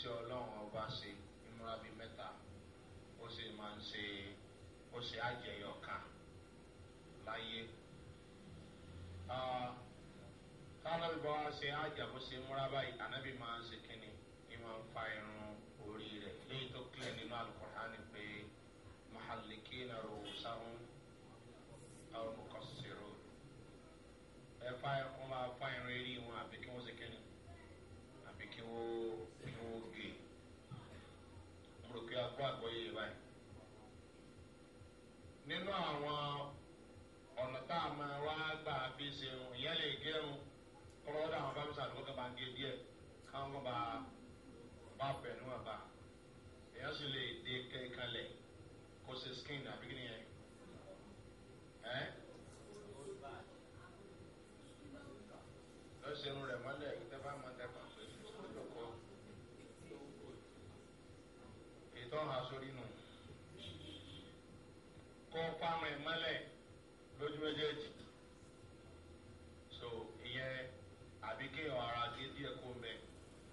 iṣẹ́ ọlọ́run ọba ṣe ìmúra bíi mẹ́ta ó sì máa ń ṣe ó ṣe àjẹyọ̀ kan láyé. tálábì bá wá ṣe àjàbó ṣe múra báyìí ànábì máa ń ṣe kínní ni wọ́n ń fa irun orí rẹ̀ léyìí tó kílẹ̀ nínú alukọ̀hánì pé mahaliki na rọ̀wùsáhùn àwọn mọ̀kọ́sìrò ẹ fa ẹ kún máa fa irun eré wọn àbí kí wọ́n ṣe kínní àbí kí wọ́n. fún àgbọ̀yé báyìí nínú àwọn ọ̀nà tá a máa wá gbà fi ṣe òun ìyá lè gẹ́rùn kọ́lọ́dọ̀ àwọn fámísà ló kọ́ bá ń gé díẹ̀ káwọn kọ́ bá bá bẹ̀ níwọ̀n bá èèyàn sì lè dé kẹ́ kalẹ̀ kó ṣe skin àbí kí nìyẹn. tọ́rọ̀ àsorí nù kọ́ pàmò ìmọ́lẹ̀ lójú méjèèjì so ìyẹn àbí kéèyàn ara gé díẹ̀ kó mẹ́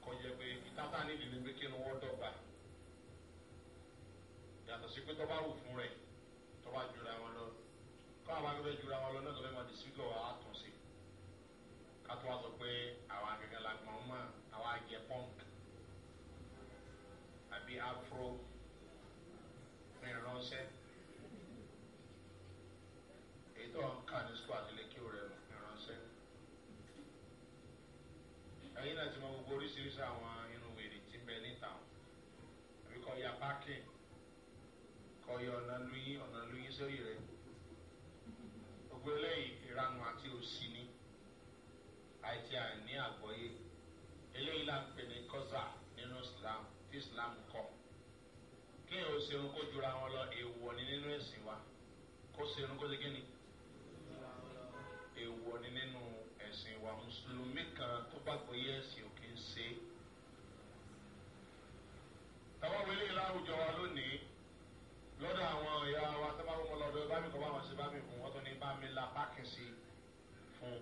kọjá pé ìtàtà nídìí ni pé kí ni wọ́n dọ̀gba yàtọ̀ sí pé tọ́ bá wù fún rẹ̀ tọ́ bá jura wọn lọ kọ́ àwọn akẹ́kọ̀ọ́ jura wọn lọ náà tó fẹ́ mọ̀ di àtúnṣe ká tó sọ pé àwọn akẹ́kọ̀ọ́ la mọ́ àwọn àjẹ pọ́ǹk àbí afro ránṣẹ́ èyí tó ń kà ní sùkúl àtìlẹ́ kí o rẹ̀ ránṣẹ́ ẹ̀yin náà ti mọ gbogbo oríṣiríṣi àwọn irun wèrè tí ń bẹ níta àbí kọ́ ya pákìn kọ́ yọ ọ̀nà lóyún ọ̀nà lóyún sórí rẹ̀ gbogbo eléyìí ìranu àti òsì ni àìtí àìní àgbọ́yé eléyìí là ń pè ní kọ́sà nínú islam tí islam kọ́ kéèyàn ó serun kó jura wọn lọ èèwọ̀ ni nínú ẹ̀sìn wa kó serun kó ṣe kíni èèwọ̀ ni nínú ẹ̀sìn wa mùsùlùmí kan tó bá pé yẹ́sì ò kí ń ṣe. táwọn wọlé láwùjọ wa lónìí lọ́dọ̀ àwọn ìyá wa tó bá wọ́n mọ́ lọ́dọ̀ bá mi kọ́ bá wọn ṣe bá mi fún wọn tó ní bá mi la páàkì sí fún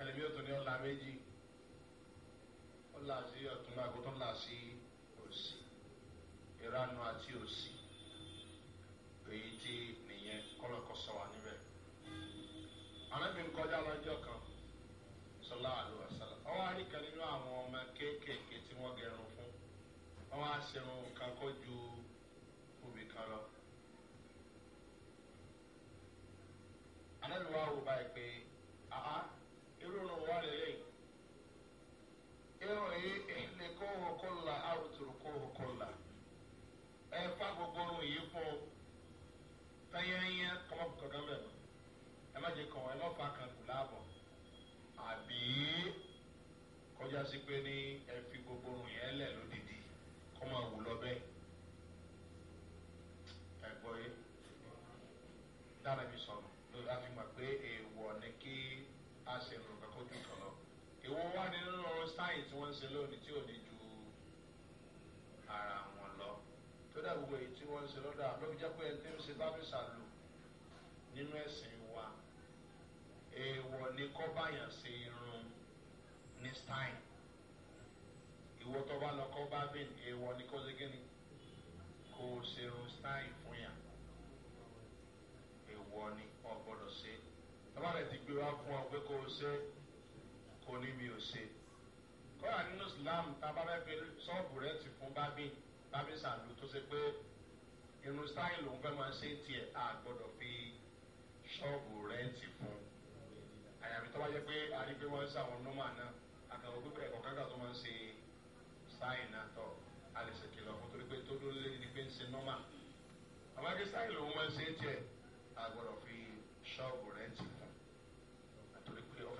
ẹlẹ́mìí ọ̀tún ní ọ̀la méjì ọ̀la sí ọ̀tún lágùn là sí i. si ati osi èyí tí nìyẹn kọlọkọ sọ wà níbẹ̀. anábì kan sọlá àlùwà sálà ọwọ́ àríkà nínú àwọn ọmọ kéékèèké tí wọ́n gẹrun fún ọwọ́ àṣẹrun ju obi kan lọ. anábì wá wò báyìí pé àá fẹ́yẹ́yẹ́ kọ́mọ́ fi tọ̀dọ́ mẹ́rin ẹ má jẹ́ kàn ẹ má fa kan kù láàbọ̀ àbí kọjá sí pé ní ẹ fi gbogbo ohun yẹn lẹ̀ lódìdí kọ́mọ́ wù lọ bẹ́ẹ̀ ẹ gbọ́ yé dára mi sọ̀rọ̀ lórí a fi mọ̀ pé èèwọ̀ ni kí a ṣe nǹkan kójú kan lọ èèwọ̀ wà nínú sáyìn tí wọ́n ń ṣe lónìí ṣe lọ́dọ̀ àbẹ́ òjẹ́ pé ẹni tí ń ṣe tábìsà lò nínú ẹ̀sìn wa èèwọ̀ ni kọ́ báyàn ṣe irun ní stein ìwọ tó bá lọ kọ́ bá bìn èèwọ̀ ni kó ṣe kíni kó o ṣe irun stein fún yàn èèwọ̀ ni ọ gbọ́dọ̀ ṣe tọ́ba rẹ̀ ti gbé wá fún ọ pé kó o ṣe kó ní mi ò ṣe kọ́ra nínú islam tábàbẹ́ pé sọ́ọ̀bù rẹ̀ ti fún bábìn bábìn sàlù tó ṣe pé irun style òun fẹ́ máa ṣe ń tiẹ̀ a gbọ́dọ̀ fi ṣọ́ọ̀bù rẹ́ǹtì fún àyàfi tó bá jẹ́ pé àrí pé wọ́n ń sàwọn nọ́mà náà àtàwọn gbígbẹ́ ẹ̀kọ́ kága tó máa ń ṣe style náà tọ̀ a lè ṣe kìlọ̀ fún torí pé tó dúró lé ní pé ń ṣe nọ́mà àwọn akẹ́ style òun máa ṣe tiẹ̀ a gbọ́dọ̀ fi ṣọ́ọ̀bù rẹ́ǹtì fún àtòrí pé ọ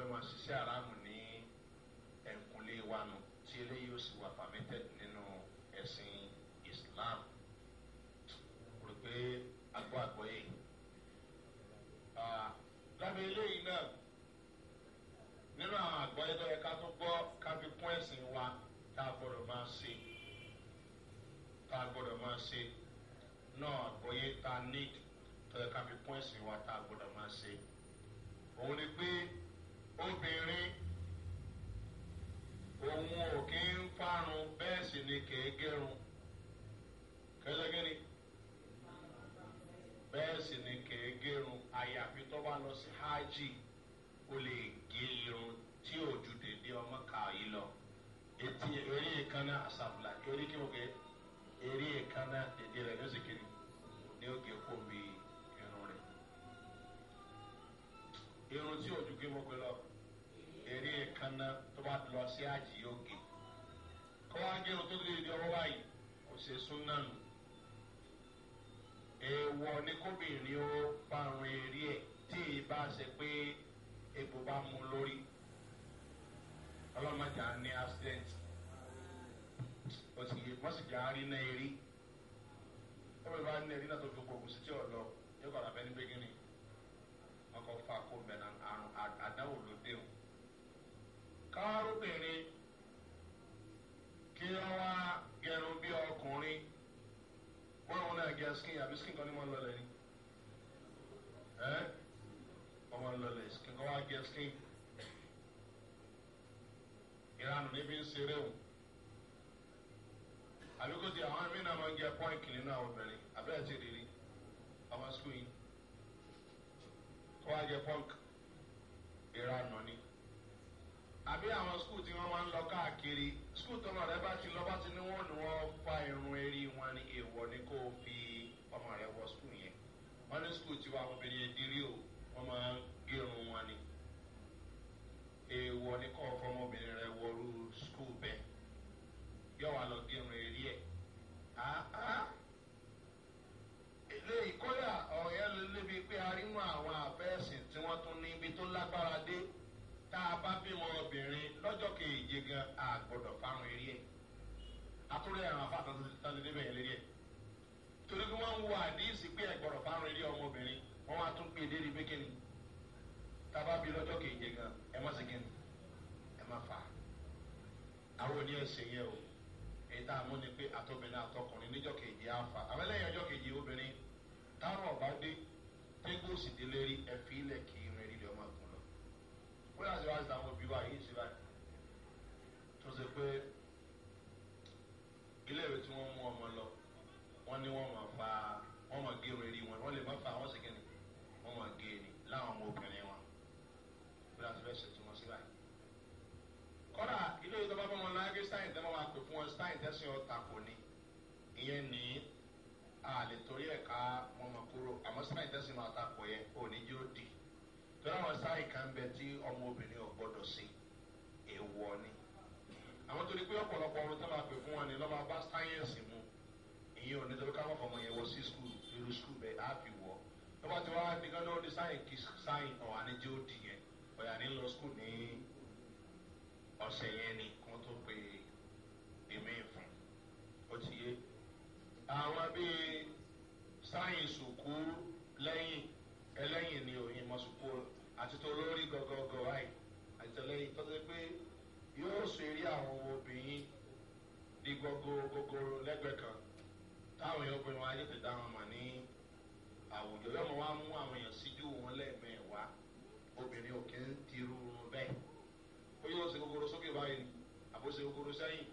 máa ṣe náà àgbọ́yé ta need tọ́jú ká fi pọ́n ẹ̀sìn wa tá a gbọ́dọ̀ máa ṣe. òun ni pé obìnrin òun ò kí ń fárun bẹ́ẹ̀ sì ni kì í gẹrun kẹlẹ́gẹ́ ni bẹ́ẹ̀ sì ni kì í gẹrun àyàfi tó bá lọ sí hajj o lè gé irun tí ò ju dèdè ọmọ kàá yìí lọ etí eré kan náà àṣàbùlà kí orí kí mo gé eré èékánná èdè rẹ̀ ló sì kiri ní oge kó mi irun rẹ̀ irun tí ojú gé wọ́pẹ́ lọ eré èékánná tó bá lọ sí àjì yóò gé kó wá gé irun tó lè di ọwọ́ báyìí kò ṣe súnà nù èèwọ̀ ni kóbìnrin ó bá run eré ẹ̀ tí ì bá ṣe epo bá mú lórí ọlọ́mọdé á ní accident wọ́n sì yé wọ́n sì já rí náà eré ẹgbẹ́ bá ní eré náà tó fi gbogbo sí tí ò lọ yóò kọ́ abẹ́ ní gbégínì wọ́n kọ́ fa kó mẹ́ta àrùn àdáwò ló dé o. kárùbìnrin kí wọ́n wá gẹrun bí ọkùnrin wọ́n wọn náà gẹ skin àbí skin kan ní wọ́n lọlẹ̀ ni ẹ́ ọmọ lọlẹ̀ skin kan wá gẹ skin ìranù níbi ń ṣeré o àbíkó ti àwọn mí náà máa ń gé apá ìkìlì náà àwọn obìnrin abẹ́rẹ́ ti rí rí ọmọ sukùl yìí kó wá jẹ pọ́ǹk ìranà ni àbí àwọn sukùl tí wọ́n máa ń lọ káàkiri sukùl tó lọ rẹ bá ti lọ bá ti ní wọ́n ní wọ́n fa irun eré wọn ní èèwọ̀ ni kó o fi ọmọ rẹ wọ sukùl yẹn wọ́n ní sukùl tí wọ́n obìnrin yẹn dirí o wọ́n máa ń gérun wọn ni èèwọ̀ ni kó o fọmọbìnrin rẹ wọrú ilé ìkọ́yà ọ̀rẹ́ lébi pé a rí mú àwọn àfẹ́sìn tí wọ́n tún ní ibi tó lágbára dé tá a bá bímọ obìnrin lọ́jọ́ kejì gan àgbọ̀dọ̀ fáwọn eré ẹ̀ àtúrẹ́ àwọn afáàtàn tó ti tán lé débẹ̀ yẹn lérí ẹ̀ torí pé wọ́n ń wo àdíyèsí pé ẹ̀gbọ̀dọ̀ fáwọn eré ọmọbìnrin wọ́n wá tún pè déédéé pé kíni tá a bá bí lọ́jọ́ kejì gan ẹ̀ mọ́ sí kíni ẹ̀ má fà á àwọn oníyẹ̀sìn yẹn o èyí tá a mú ni pé àtọ́bìnrin àtọkùnrin níjọ́ kejì á fa àwọn ẹlẹ́yìn ọjọ́ kejì obìnrin táwọn ọba dé tẹ́gbó sì délé rí ẹ̀fí ilẹ̀ kì í rìn ilé ọmọ àgùn lọ. wọ́n yà sí wá sí àwọn òbí wa yìí sí báyìí tó ṣe pé ilé ìwé tí wọ́n mú ọmọ lọ wọ́n ní wọ́n máa fa wọ́n máa gé irun eré wọn wọ́n lè má fa àwọn ṣèkínní wọ́n máa gé e láwọn ọmọ obìnrin. tí wọ́n takò ni ìyẹn ní àlè torí ẹ̀ka wọn mọ̀ kúrò àmọ́ sáyìn tẹ́sí ma takò yẹn ò ní yóò dì torí àwọn sáyìn kan bẹ tí ọmọ obìnrin ni àwọn torí pé ọpọlọpọ ọrụ tó máa pè fún ni sáyẹ̀nsì mu ìyẹn ò ní torí káwọn skul irú skul á fi di di sáyìn kí sáyìn ọ̀hánijó lọ skul ní ni. àwọn bíi sáyẹ̀nsì òkú lẹ́yìn ẹlẹ́yìn ni òyìn mọ̀sùkú àti tó lórí gọ́gọ́gọ́ ráì àti tẹ̀lẹ́yìn tó ṣe pé yóò ṣe rí àwọn obìnrin di gbogbo gogoro lẹ́gbẹ̀ẹ́ kan táwọn èèyàn obìnrin wa yóò ti dá wọn mà ní àwùjọ yóò mọ̀ wá mú àwọn èèyàn síjú wọn lẹ́ẹ̀mẹ́wàá obìnrin òkè ń tirú wọn bẹ́ẹ̀ ó yóò ṣe gogoro sókè báyìí àbó ṣe sẹ́yìn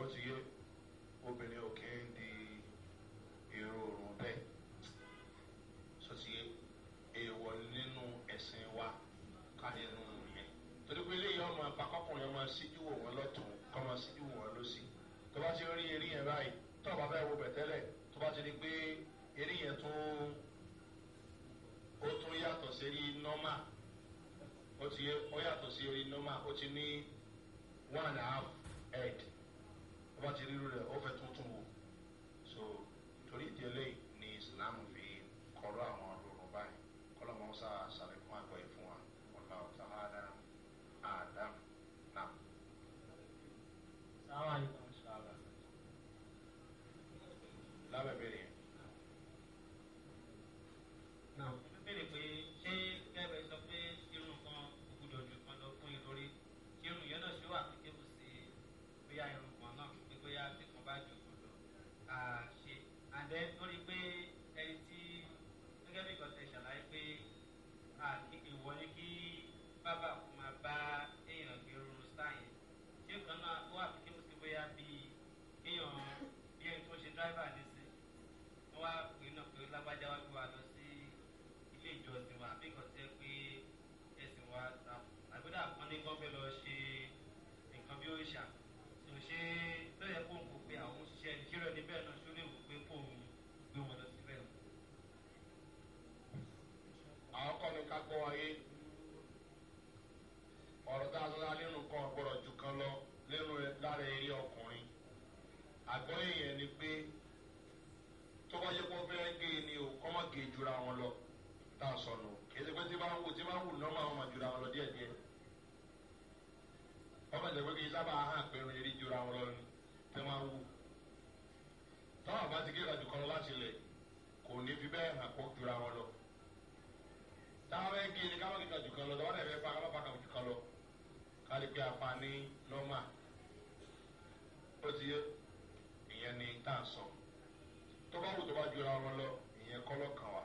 ó ti yé obìnrin òkè. ti rí pé eré yẹn tún ó tún yàtọ̀ sí eré nọ́mà ó ti ó yàtọ̀ sí eré nọ́mà ó ti ní one and a half head ó bá ti rí irú rẹ̀ ó fẹ́ tuntun wò so torí ìdí eléyìí. nǹkan bí òòṣà tó ṣe lọ́yẹ̀ kó ń kó pé àwọn òṣìṣẹ́ nìkírọ̀ níbẹ̀ náà ṣó lè wò pé kó ń gbé wọn lọ síbẹ̀. àwọn kọ́ni ká gbọ́ wáyé ọ̀rọ̀ tá a sọ nínú kan ọ̀gbọ́dọ̀ ju kan lọ nínú lára eré ọkùnrin àgbọ́yé yẹn ni pé tó bá fẹ́ gé e ni o kọ́ má gé e jura wọn lọ tá a sọnù kí ẹ ti pé tí bá ń wù tí bá ń wù nọ́ọ̀mù àwọn ọmọ jura wọn lọ díẹ̀díẹ̀ kọ́mọ̀ jẹ́ pé kí sábà hàn pé irun yìí jura wọn lọ ni tí wọ́n máa wù. táwọn bá ti gé ìlàjì kan lọ láti ilẹ̀ kò ní fi bẹ́ẹ̀ hàn pọ̀ jura wọn lọ. táwọn bẹ́ẹ̀ gé ni káwọn kíkà kan lọ tọ́wọ́n ẹ̀fẹ́ pa káwọn bá kàn jù kan lọ kárí pé apá ní nọ́mà ó ti yẹ ìyẹn ni tá à ń sọ tó bá wù tó bá jura wọn lọ ìyẹn kọ́ lọ́kàn wa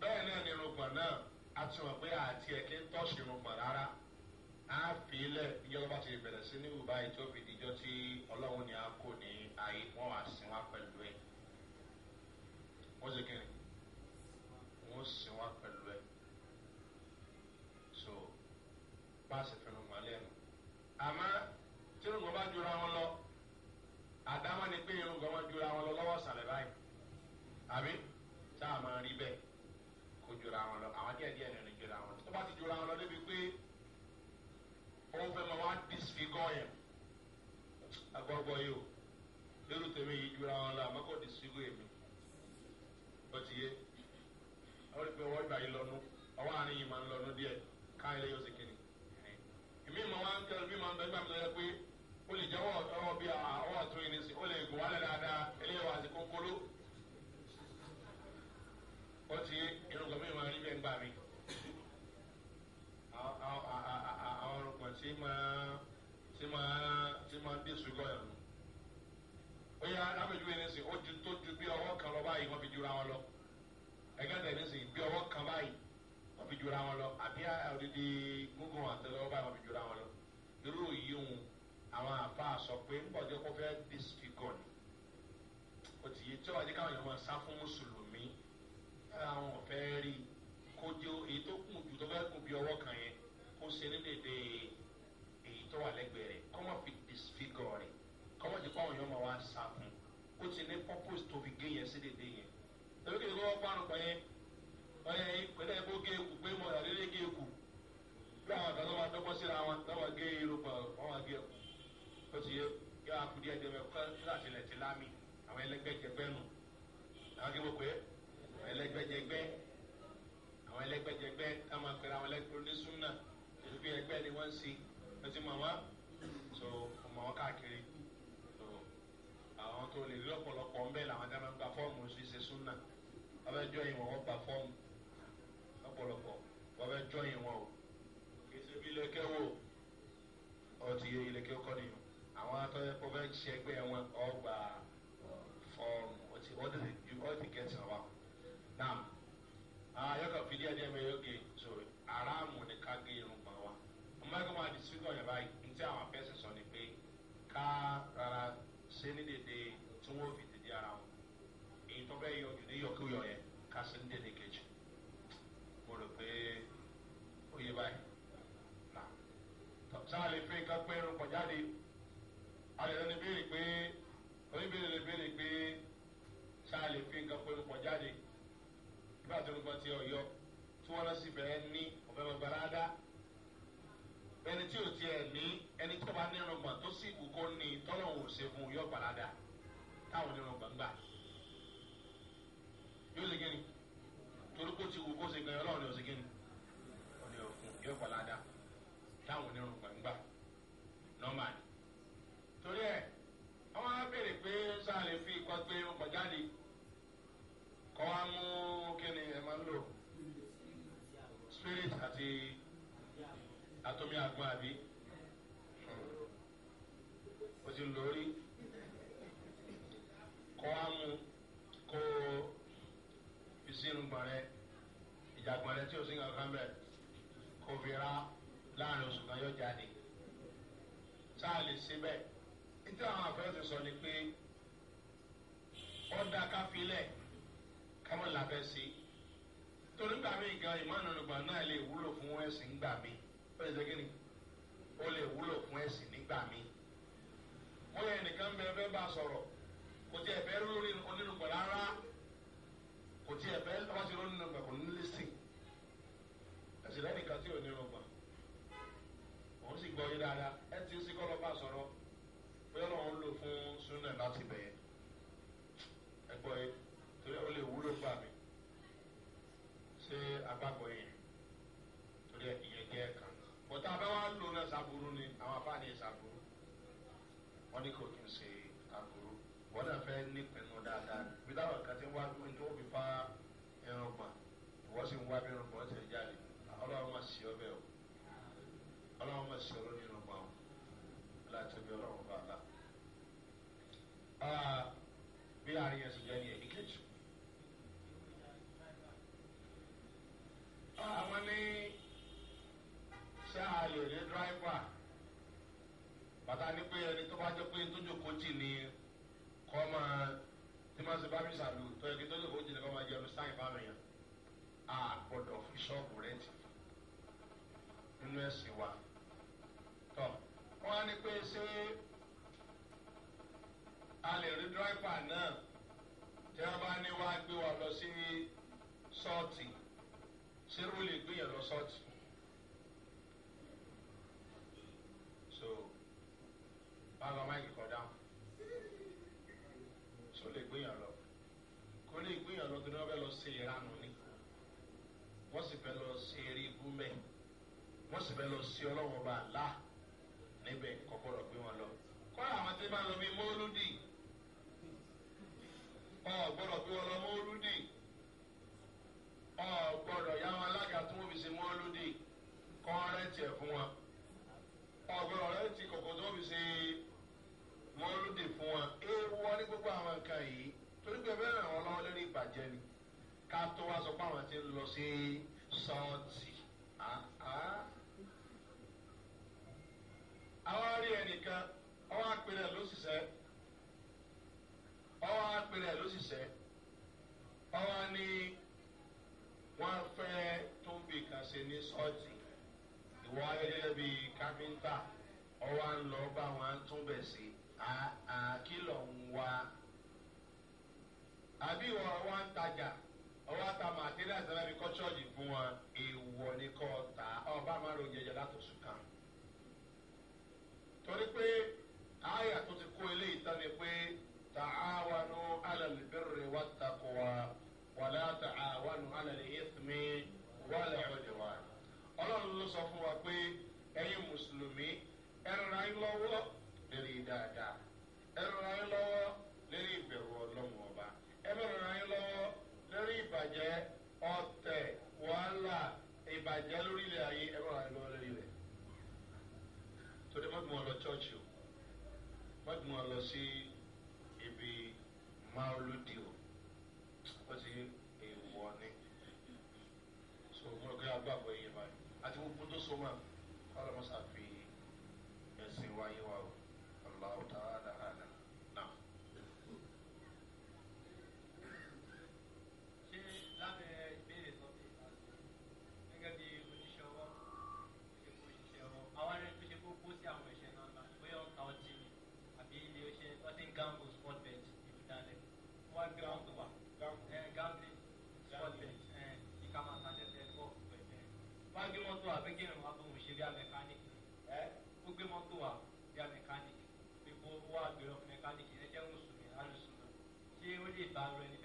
bẹ́ẹ̀ náà ni irun gbọ̀n náà a ti mọ̀ pé àti ẹ̀kí ń tọ́ṣì irun gbọ̀n rárá á fi lẹ̀ níjọ́ tó bá ti bẹ̀rẹ̀ sí ní ìwúbá yìí tó fi díjọ́ tí ọlọ́run ni a kò ní ayé wọ́n wá sin wá pẹ̀lú ẹ̀ wọ́n sì kiri wọ́n sin wá pẹ̀lú ẹ̀ so paasi fẹnu wọn lẹ́nu àmọ́ tí irungbọ̀n bá jura wọn lọ àdámọ́ ni pé irungbọ̀n wọn jura wọn lọ lọ́wọ́ sàlẹ̀ báyìí àbí sáà máa rí bẹ́ẹ̀ kó jura wọn lọ àwọn díẹ̀ díẹ̀ nínú jura wọn lọ tó bá ti jura wọn lọ débi pé wọ́n fẹ́ máa wá disfigure yẹn agbọ́gbọ́ yìí o lérò tèmi yìí jura wọn la àmọ́ kò disfigure mi ọtí yé àwọn ìpè wọ́n gbà yìí lọ́nu àwọn àárín yìí máa ń lọ́nu díẹ̀ ká ilé yóò ṣe èmi máa wá ń kẹrù bí máa ń bẹ gbà mí lọ́yẹ pé ó lè jẹ́wọ́ ọ̀rọ̀ bí àwọn ọ̀tún yìí ní sí ó lè gùn wálé dáadáa eléyìí wà á ti ọtí irun kan mi máa rí bẹ́ẹ̀ gbà mí shi ma shi ma shi ma bí sùgbọ́ yẹn nù. ó yà lábẹ́júwe ní sè ó ju tó ju bí ọwọ́ kan lọ báyìí wọ́n fi jura wọn lọ ẹgbẹ́ tẹ̀ ní sè bí ọwọ́ kan báyìí wọ́n fi jura wọn lọ àbí àdìdì gúngùn àtẹlẹwọ́ báyìí wọ́n fi jura wọn lọ irú yìí ń àwọn àfa sọ pé ń bọ̀ jẹ́ kó fẹ́ disfigure ni ó ti yé tí ó wà ní máa sá fún mùsùlùmí àwọn ọ̀fẹ́ rí kójú èyí tó kù jù tó fẹ́ kù bí ọwọ́ kan yẹn kó ṣe ní dèdè tó wà lẹ́gbẹ̀ẹ́ rẹ̀ kọ́mọ̀ fi disfigure rẹ̀ kọ́mọ̀ jẹ́ pàwọn èèyàn máa wá sá fún ó ti ní purpose tó fi gé yẹn sí dédé yẹn torí kìí kọ́kọ́ pàrọ̀ pẹ̀ yẹn ọ̀yẹ́ yìí pẹ̀lú ẹ̀kọ́ gé ekù pé mo rà lélẹ́ gé ekù bí àwọn àgbà tó máa dọ́gbọ́n síra wọn lọ́wọ́ gé irúgbà wọn wá gé ekù ó ti yẹ kí wọn kú díẹ̀ díẹ̀ mẹ́ kọ́ látìlẹ̀ ti lámì àwọn ẹlẹ́gbẹ́jẹgbẹ́ nù àwọn kí gbogbo yẹ ẹlẹ́gbẹ́jẹgbẹ́ àwọn ẹlẹ́gbẹ́jẹgbẹ́ táwọn akẹ́rẹ́ àwọn ẹlẹ́gbẹ́ onísùn náà èdè bí ẹgbẹ́ ni wọ́n ń sin ló ti so mo mọ̀ káàkiri so àwọn tó lè rí ọ̀pọ̀lọpọ̀ ń bẹ́ẹ̀ làwọn dáná gba fọ́ọ̀mù sí ṣe súnà wọ́n fẹ́ jọ́ ìwọ̀n wọ́n gba fọ́ọ̀mù lọ́pọ̀lọpọ̀ wọ́n fẹ́ jọ́ ìwọ̀n o kì í ṣe bí ilẹ̀kẹ́ wò ọ ti yé ilẹ̀kẹ́ kọ́ nìyẹn àwọn atọ́jọ́ pọ̀ fẹ́ ṣẹgbẹ́ wọn ọgbà fọ́ọ̀mù ọtí ọtí kẹsàn wa náà ayọ́kọ̀ fìdí ẹ̀dí ẹ̀mẹ́yọ́gẹ̀ so aráàmù ni ká gé mọ́tò máa di sígọ̀ yẹn báyìí ní tí àwọn afẹ́sẹ̀ sọ ni pé ká rárá ṣe ní dèdè tí wọ́n fi dèdè ara wọn èyí tó bẹ́ẹ̀ yọ ìdí yọkúyọ yẹn ká ṣe ní dèdè kejì mo rò pé ó yé báyìí nà sáà lè fi nǹkan pé irun kọjá de alẹ́ ló ní béèrè pé oníbèrè lè béèrè pé sáà lè fi nǹkan pé irun kọjá de nígbà tó ń gbọ́ ti ọ̀yọ́ tí wọ́n lọ sí bẹ̀rẹ̀ ní ọ̀bẹ ẹni tí ò tiẹ̀ ní ẹni tó bá nínú gbọ̀n tó sì wù kó ní tọ́lọ́hún ò ṣe fún yọ gbàládà táwọn nínú gbọ̀n gbà yóò ṣe kíni torí kó ti wù kó ṣe gbẹ̀yìn ọlọ́run ni ò ṣe kíni ọ̀nà òfin yọ gbàládà táwọn nínú gbọ̀n gbà nọ́mà mi àgbọn àbí o ti lórí kọ́ á mú kó o fi sínú gbọ̀n rẹ ìjàgbọ̀n rẹ tí o sì ń kankan bẹ̀ kó o fi ra láàrin oṣù kan yóò jáde sáà lè ṣe bẹ́ẹ̀ nítorí àwọn àfẹ́rẹ́ ti sọ ni pé ọ̀dà káfílẹ̀ kámọ́ làbẹ́ sí torí gbàmí gan ìmọ̀ ìnànúgbà náà lè wúlò fún ẹ̀sìn gbàmí ó lè segin ni ó lè wúlò fún ẹ̀sìn nígbà míì wọ́n yẹ nìkan bẹ́ẹ̀ fẹ́ bá sọ̀rọ̀ kò tí ẹ̀ fẹ́ lórí onírúkọ̀ rárá kò tí ẹ̀ fẹ́ wá sí lórí onírúkọ̀ kò ní lè sìn ẹ̀sìn lẹ́nìkan tí ò ní rọgbà òun sì gbọ́ yín dáadáa ẹ ti sí kọ́lọ́ bá sọ̀rọ̀ pé ọlọ́run lò fún súnà láti bẹ̀yẹn ẹ gbọ́ yín torí ó lè wúlò fún àmì ṣé agbábọ̀ yín. ṣe olórí inú pa wọn látọ̀bí ọlọ́run bá dá. Ah, bí àríyàn sì jẹ́ ní ẹ̀mí kejì. Ah, àwọn ní sáà lè ní dráìvà bàtà ní pé ẹni tó bá jẹ́ pé tó jòkó jì ní kọ́ máa tí máa ń ṣe bámi sàlù tó yẹ kí tó jòkó jì kọ́ máa jẹ́ ọdún sáyìn bámi yẹn. a gbọ́dọ̀ fi ṣọ́ọ̀bù rẹ̀ tì nínú ẹ̀sìn wa wá ní pé ṣé a lè rí dírọ́ìpà náà tí wọ́n bá ní wá gbé wa lọ sí sọ́ọ̀tì ṣé ó lè gbé yẹn lọ sọ́ọ̀tì. so bá lọ máìkì kan dáhùn ṣó lè gbé yẹn lọ kó lè gbé yẹn lọ kí wọ́n fẹ́ lọ ṣe ìranù ni wọ́n sì fẹ́ lọ ṣe eré ibú mẹ́ wọ́n sì fẹ́ lọ ṣe ọlọ́wọ́n bá a láà ní bá lọ bí mọ́lúdì ọ̀gbọ́dọ̀ bí wọ́n lọ mọ́lúdì ọ̀gbọ́dọ̀ yá wọn alága tí wọ́n fi ṣe mọ́lúdì kọ́ rẹ́ǹtì ẹ̀ fún wa ọ̀gbọ́dọ̀ rẹ́ǹtì kọ̀kọ́ tí wọ́n fi ṣe mọ́lúdì fún wa ewu wọn ní gbogbo àwọn nǹkan yìí torí pé bẹ́ẹ̀ ràn wọ́n lọ́wọ́ lórí ìbàjẹ́ ni ká tó wá sọ pé àwọn ti ń lọ sí sọ́ọ̀tì àwọn rí ẹnìkan ọwọ́ apẹ̀rẹ̀ ló ṣiṣẹ́ ọwọ́ apẹ̀rẹ̀ ló ṣiṣẹ́ ọwọ́ ni wọ́n fẹ́ tó bì kan ṣe ní sọ́ọ̀tì ìwọ ayẹyẹ bíi kápẹ́ńtà ọwọ́ à ń lọ bá wọn túnbẹ̀ sí àkìlọ̀ ń wá àbí ìwọ ọwọ́ à ń tajà ọwọ́ àta màtíríà sábà bí kọ́ṣọ́ọ̀dì fún wọn èèwọ̀ ni kọ́ ta ọba máa ro jẹjẹ látòsùn kan torí pé àyà tó ti kó eléyìí tán ni pé tàáwánu alàlùbẹ̀rẹ̀ wà takuwa wàlá tàáwánu alàlùyẹ́sìmí wàlẹ̀ ọ̀dẹ̀wà. ọlọ́run ló sọ fún wa pé ẹ̀yin mùsùlùmí ẹ̀rọ ayé lọ́wọ́ lórí dáadáa ẹ̀rọ ayé lọ́wọ́ lórí ìbẹ̀rù ọlọ́run ọba ẹ̀rọ ayé lọ́wọ́ ìbàjẹ́ ọ̀tẹ̀ wàhálà ìbàjẹ́ lórílẹ̀ ayé ẹ̀rọ ayé lọ́wọ́ rẹ̀. torí mọ́gbọ́n lọ chọ́ọ̀chì o mọ́tò wọn lọ sí ibi máolódì o ó ti èèwọ̀ ni so mo rò pé agbábọ̀ yìí báyìí àti gbogbo tó so mọ́ ọlọ́mọ sàfi ẹ̀sìn wáyé wa o aláwọ̀ tá a. bá gbé mọ́tò wa fẹ́ kí ẹ̀rọ wa tó mo ṣe bí a mẹkáníìkì ẹ ó gbé mọ́tò wa bí a mẹkáníìkì pé kó wá gbé lọ mẹkáníìkì ẹ jẹ́ mùsùlùmí alùsùn náà ṣé ó lè bá rẹ ní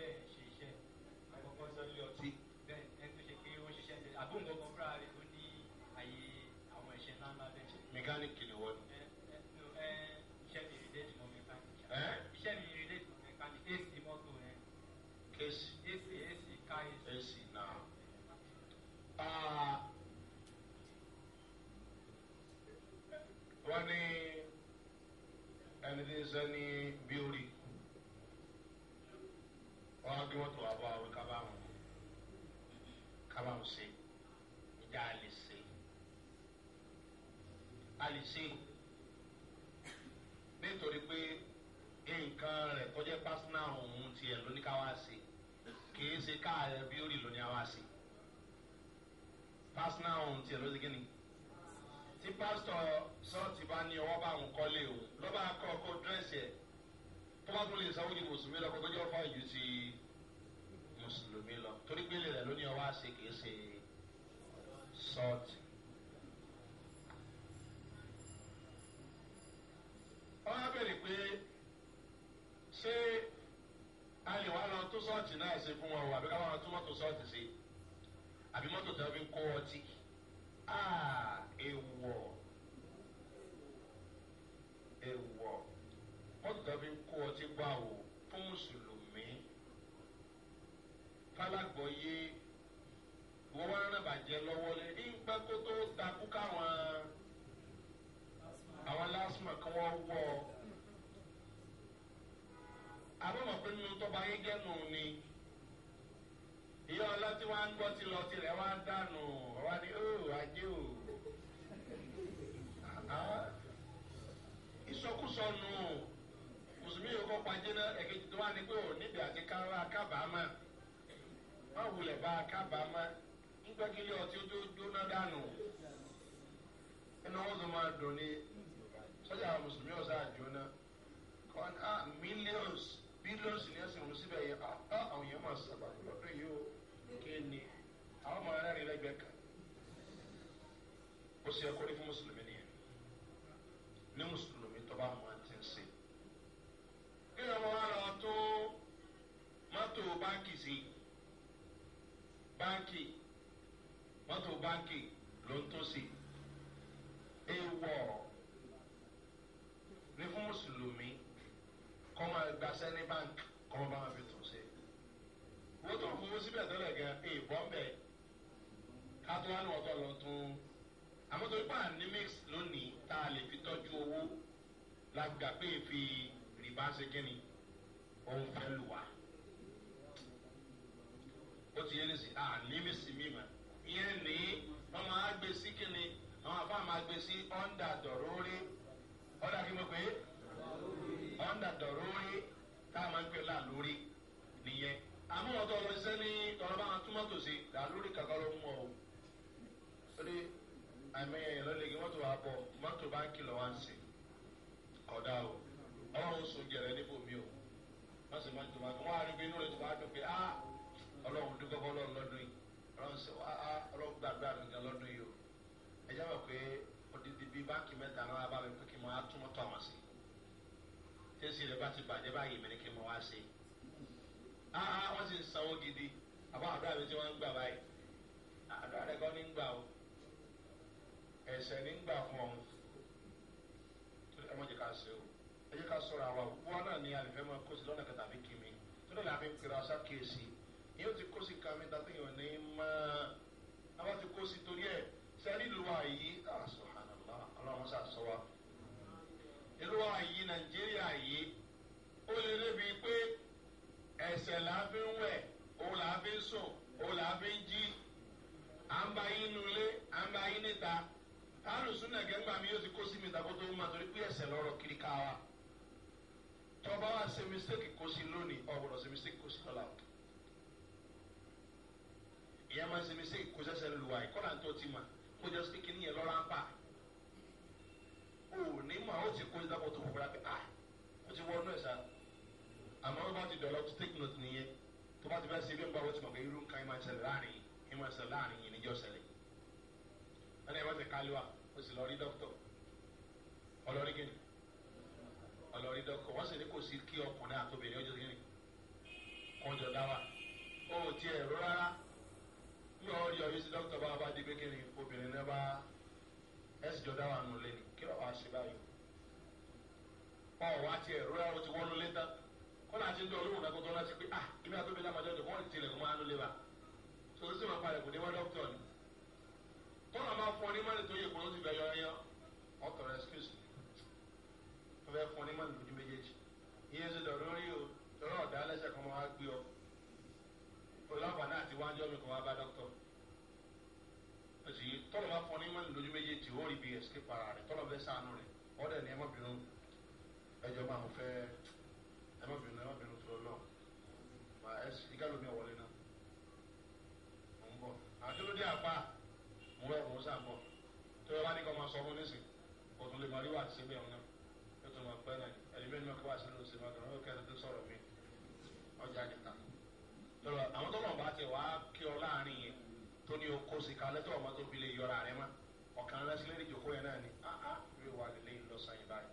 ṣiṣẹ́ ní bíórì wọ́n á gbé mọ́tò wá bọ́ àwọn kábàámu kábàámu ṣe ìjà àlè ṣe àlè ṣe nítorí pé nǹkan rẹ̀ kọjá pásínà òun tiẹ̀ lóníkà wá sí kì í ṣe káàrẹ̀ bíórì lóníkà wá sí pásínà òun tiẹ̀ lóníkà wá sí tí pásítọ̀ sọ́ọ̀tì bá ní ọwọ́ bá ń kọ́lé o lọ́ba akọ́ kó dírẹ́sì ẹ̀ tó bá tún lè sanwó ní mùsùlùmí lọ kókó jọ́ fáwọn ju ti mùsùlùmí lọ torí pé ilẹ̀ lóní ọwọ́ àṣẹ kìí ṣe sọ́ọ̀tì. wọ́n á bèrè pé ṣé a lè lọ tó sọ́ọ̀tì náà ṣe fún wọn o àbí káwọn tó mọ́tò sọ́ọ̀tì ṣe àbí mọ́tò tó fi ń kó ọtí. Ah. àgbọ̀yé wọ́n wá rán bàjẹ́ lọ́wọ́ lé ní pẹ́ kó tó takú káwọn àwọn lásìmọ̀ kí wọ́n wọ́ ọ. àbọ̀mọ̀ pé nínú tọ́ba yín gẹ́nu ni ìyá ọlọ́tí wá ń gbọ́ tí lọ tirẹ̀ wá dànù ọ̀wá ni ó ajé o. ìsọkúsọ nù mùsùlùmí pàjẹ́ náà ẹ̀kejì tó wá ní pé ò níbi àti kára kábàámà má wulẹ̀ bá a kábàámá nígbàgílẹ̀ ọtí tó dóná dànù ẹnu wọn tó máa dùn ní sọ́jà àwọn mùsùlùmí ọ̀sán àjọ́nà kan á millions billions ní ẹsẹ̀ òun síbẹ̀ yẹn á ah, ah, àwọn yẹn máa sábà lọ́dọ̀ yìí ó kéènì àwọn máa rẹ́rìn lẹ́gbẹ̀ẹ́ kan ó sì ẹkọ́ ní fún mùsùlùmí nìyẹn ní mùsùlùmí tó bá máa ti ń sè é. kí ló wá lọ tó mọ́tò báńkì sí i báńkì mọ́tò báńkì ló ń tó sí èèwọ̀ ní fún mùsùlùmí kọ́ máa gbaṣẹ́ ní báńkì kọ́ máa bá fi tún ṣe owó tó ń fowó síbẹ̀ tẹ́lẹ̀ gan èèbọ̀n bẹ̀ ká tó wá ní ọ̀tọ̀ lọ tún àmọ́ tó gbà ní mix lónìí tá a lè fi tọ́jú owó la gbà pé èfi rìbá ṣe kínni òun fẹ́ lù wá ó ti yé lèsì à ah, ní mèsì mímọ ìyẹn ní wọn máa gbé sí kíni àwọn afá máa gbé sí ọ̀ndà dọ̀rórí ọ̀dà kí mo pè é ọ̀ndà dọ̀rórí tá a máa ń pè là lórí nìyẹn àmọ́ ọ̀dọ́ lọ iṣẹ́ ní ọ̀rọ̀ bá wọn túmọ̀ tó sí là lórí kàkọ́ ló mú ọ o lórí àìmọye yẹn lọ́lẹ̀ kí mọ́tò wàá bọ̀ mọ́tò bá ń kìlọ̀ wá ń sìn kọ̀dá o ọlọ́run sùn jẹ̀rẹ̀ níbo mi o wọ́n sì máa ń tó máa wọ́n á rí bí inú rẹ̀ tó bá dùn pé ah ọlọ́run dúpẹ́ bọ́lọ́ lọ́dún yìí ọlọ́run sọ wá á ọlọ́run gbàdúrà mi gan lọ́dún yìí o ẹ jẹ́ mọ̀ pé odidi bíi báńkì mẹ́ta náà bá mi pé kí n máa tún mọ́tò àwọn sí tẹ́sí rẹ̀ bá ti bàjẹ́ báyìí mi ni kí n máa wá sí i áá wọ́n sì ń sanwó gidi àbá àdúrà mi tí wọ́n ń gbà báyìí àdúrà rẹ̀ kọ́ ní ń gbà o ẹ̀sẹ̀ ní ń gbà fún ọ ẹ mọ̀ jẹ́ ká ṣe o ẹ jẹ́ ká sọ̀rọ̀ àwa òkú wa náà ni àlùfẹ́ mọ́ kó sí lọ́nà kẹta àbí kí mi tó dẹ̀ láàbí ń pèrè ọ̀sá kéèsì yóò ti kó sí kàmí tàbíyàn ní mọ́ àwọn ti kó sí torí ẹ̀ sẹ́ni ìlú àyí àṣọ̀hánàlá ah, ọlọ́run ṣàṣọwà ìlú àyí nàìjíríà yìí ó lè débi pé ẹ̀sẹ̀ là á fi ń wẹ̀ òun là á fi ń sùn òun là á fi ń jí à ń ba yín nulẹ̀ à ń ba yín níta alùsùn náà gẹ́gbà mi yóò ti kó sí mi tàbí tó ń ma torí pé ẹ̀sẹ̀ lọ́rọ̀ kiri ká wa tọ́ba wa ṣe mistake kó sí lónìí ọ̀gbọ̀dọ̀ ṣe mistake kó sí lọ́la òkè ìyá máa ń ṣe mistake kó ṣẹ̀ṣẹ̀ lù wá ìkọ́lá tó ti mà kó jẹ́ sí kíní yẹn lọ́ra ń bà ó ní mà ó ti kó ìdábọ̀ tó fura pé ah ó ti wọ́n nú ẹ̀ sá àmọ́ ó bá ti dọ̀lọ́ tó take note nìyẹn tó bá ti fẹ́ ṣe bí ń bá wọ́n ti mọ̀ pé irú nǹkan ìmọ̀ ìṣẹ̀lẹ̀ láàrin ìmọ̀ ìṣẹ̀lẹ̀ láàrin yìí níjọ́ ṣẹlẹ̀ wọ́n ní ẹ̀ wọ́n ti kálíwà ó sì lọ rí dókítọ̀ ọlọ́rí gẹ̀ẹ́nì ọlọ́rí dọ́kọ̀ wọ́n sì yọ ọ yọrí sí dókítà bá bá dé pé kí ni obìnrin náà bá ẹsì jọ dá wà nù lé ní kí lọ́ọ́ wá ṣe báyìí ọ̀ wá tiẹ̀ rọ́yà ó ti wọ́n lé tán kọ́nà àti ndọ́ olóhùn náà tó tọ́ láti pé ah ibi àtọ́bí náà máa jọjọ wọ́n ti tilẹ̀ kó máa nù lé wa sọ̀rọ̀ sì máa parẹ̀ kò ní wá dókítà ni kọ́nà máa fọ ní mọ́ni tó yẹ kó ló ti bẹ̀ yọ ẹyán rí bí escape ara rẹ̀ tọ́lọ̀ bẹ́ẹ̀ sànú rẹ̀ wọ́n dẹ̀ ní ẹ má bínú ẹjọ́ máa ń fẹ́ ẹ má bínú ẹ má bínú tó lọ mà ẹ sì ní kálómi ọ̀wọ́lé náà mò ń bọ̀ àkílódé àpá mo bẹ́ẹ̀ mò ń sàn bọ̀ tó yọba ní kọ́ máa sọ fún nísìn kò tún lè máa rí wà sí bẹ́ẹ̀ náà yóò tún máa pẹ́ náà ẹni bẹ́ẹ̀ ni wọ́n kọ́ wà sínú ìsinmi ọ̀gá náà kẹ́rin tó sọ̀rọ̀ mi ọjà o kó sí kalẹ́ tó ọmọ tó fi lè yọra rẹ mọ́ kan ránṣẹ́ lórí ìjòkó yẹn náà ni áá ah, rí ah, lè léyìn lọ sáyìn báyìí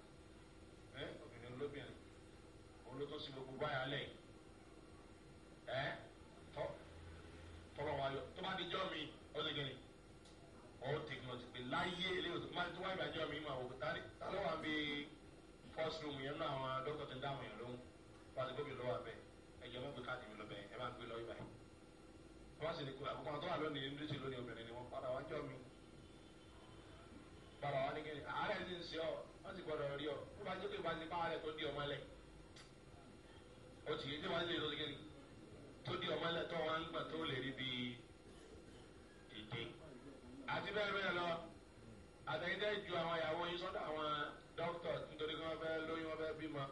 ẹ obìnrin olóbìnrin olótó sí gbogbo báyà lẹ̀ ẹ tọ́ tọ́lọ́ wa yọ tó di jọ́ mi ó lè gẹ̀rẹ́ ọ̀ tẹkinọ́tì pé láyé eléyìí tó máa tó wá ìgbàjọ́ mi mà òkúta tá ló wà ń bí first room yẹn náà àwọn dókítà ti ń dáhùn yẹn lóhùn pàṣẹ gómìnà lọ́wọ́ abẹ ẹ̀jẹ̀ mọ́ gbé káàdì mi lọ bẹ̀ ẹ máa gbé lọ́ọ́ ìbàyẹn wọ́n sì ní kó àkókò àwọn tó wà lónìí ní lóṣèlú ní obìnrin ni wọ́n padà wájọ́ mi sọ̀rọ̀ wọn ní kí ni àárẹ̀ ti ń ṣe ọ wọ́n sì gbọ́dọ̀ rí ọ ó bá jókè bá ti bá àárẹ̀ tó di ọmọ lẹ̀ ó ti yé wọn lè lọ kí ni tó di ọmọ lẹ̀ tó wọn ń gbà tó lè rí bí ìdí àti bẹ́ẹ̀ bẹ́ẹ̀ lọ àtẹ̀yìndẹ́ ju àwọn ìyàwó yín sọ́dọ̀ àwọn dókítà nítorí kí wọ́n fẹ́ lóyún wọ́n fẹ́ bímọ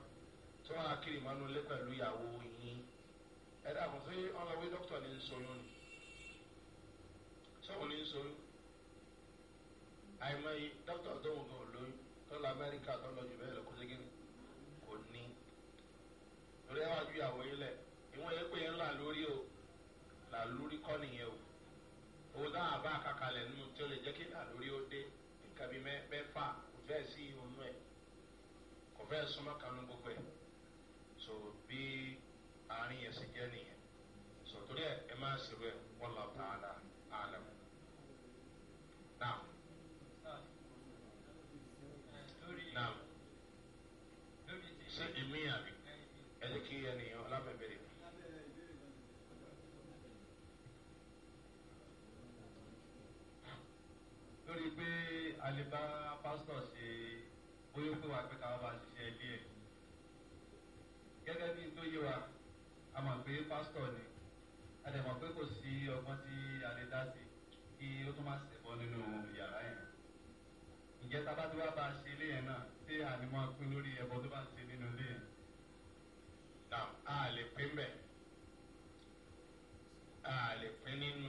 tí wọ́n á kiri lé pẹ̀lú ìyàwó yín ẹ̀dá kò sí ọ̀nà dókítà ní ń soyún sọ́wọ́n ní ń àìmọye dókítà tóun náà lóyún tọ́lá amẹ́ríkà tọ́lọ́ jù bẹ́ẹ̀ lọ kó ségin kò ní torí ẹ wá ju ìyàwó yín lẹ̀ ìwọ̀n yẹn pé yẹn là lórí o là lórí kọ́ nìyẹn o owó táwọn àbá àkàkalẹ̀ nínú tí ó lè jẹ́ kí là lórí ó dé nǹkan bíi mẹ́fà kò fẹ́ sí ìhòòhùn ẹ̀ kò fẹ́ súnmọ́ kanú gbogbo ẹ̀ so bí àárín yẹn sì jẹ́ nìyẹn so torí ẹ ẹ máa ṣèrò ẹ wọ́n lọ tààlà. bá pásítọ̀ ṣe bóyá pé wà pé káwọn bá ṣiṣẹ́ ilé ẹ̀. gẹ́gẹ́ bí tó yé wa a mọ̀ pé pásítọ̀ ni a dẹ̀ mọ̀ pé kò sí ọgbọ́n tí a lè dá sí kí ó tún máa ṣẹ̀bọ́ nínú yàrá yẹn. ǹjẹ́ tá a bá tó wá bá a ṣe ilé yẹn náà ṣé ànímọ́ pín lórí ẹ̀bọ tó bá ń ṣe nínú ilé yẹn? nà á lè pín bẹ́ẹ̀ á lè pín nínú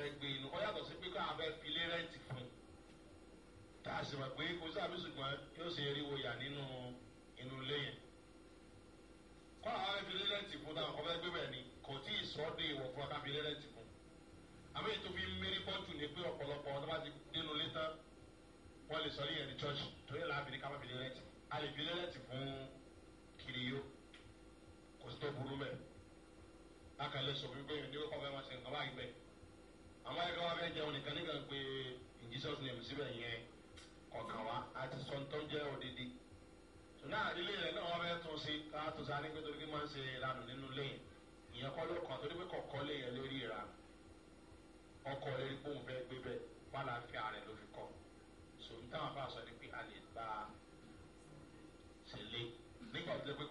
fẹ́ gbé inú ọ yàtọ̀ sí pé káwọn fẹ́ fi lé rẹ́ǹtì fún tá a sì mọ̀ pé kò sí àbí ṣùgbọ́n yóò ṣe eriwo yà nínú inú ilé yẹn kọ́ àwọn fẹ́ fi lé rẹ́ǹtì fún táwọn kọ́ fẹ́ gbé bẹ̀ ni kò tí ì sọ́ dé ìwọ̀ fún akáfi lé rẹ́ǹtì fún àmì ètò fi mérí pọ́jù ní pé ọ̀pọ̀lọpọ̀ ọ̀dọ́ bá ti dénú lé tán wọ́n lè sọ ní yẹn ní chọ́ọ̀chì a lè fi lé rẹ́ǹtì fún kiriyó kò sí tó burú mẹ́ akalẹ̀ sọ wípé ní kọ́ fẹ́ máa ṣe nǹkan báyìí bẹ́ẹ̀ àwọn ẹ̀ka wa fẹ́ jẹun nìkan nígbà pé in jesus name síbẹ̀ yẹn ọ̀kan wa àti sọ̀tọ̀ jẹ́ òdìdí tùnà àdílé rẹ̀ náà wọ́n fẹ́ tún sí ká tún sáré pé torí pé máa ń ṣe ìlànà nínú lẹ́yìn ìyẹn kọ́ ló kàn torí pé kọ̀ọ̀kọ́ lẹ́yìn lórí ìra ọkọ̀ lórí pé òun fẹ́ gbé bẹ́ẹ̀ pálàfíà rẹ̀ ló fi kọ́ sòun táwọn afáàsọ ni pé a lè gba ṣẹlẹ̀ nígbà tó lè pé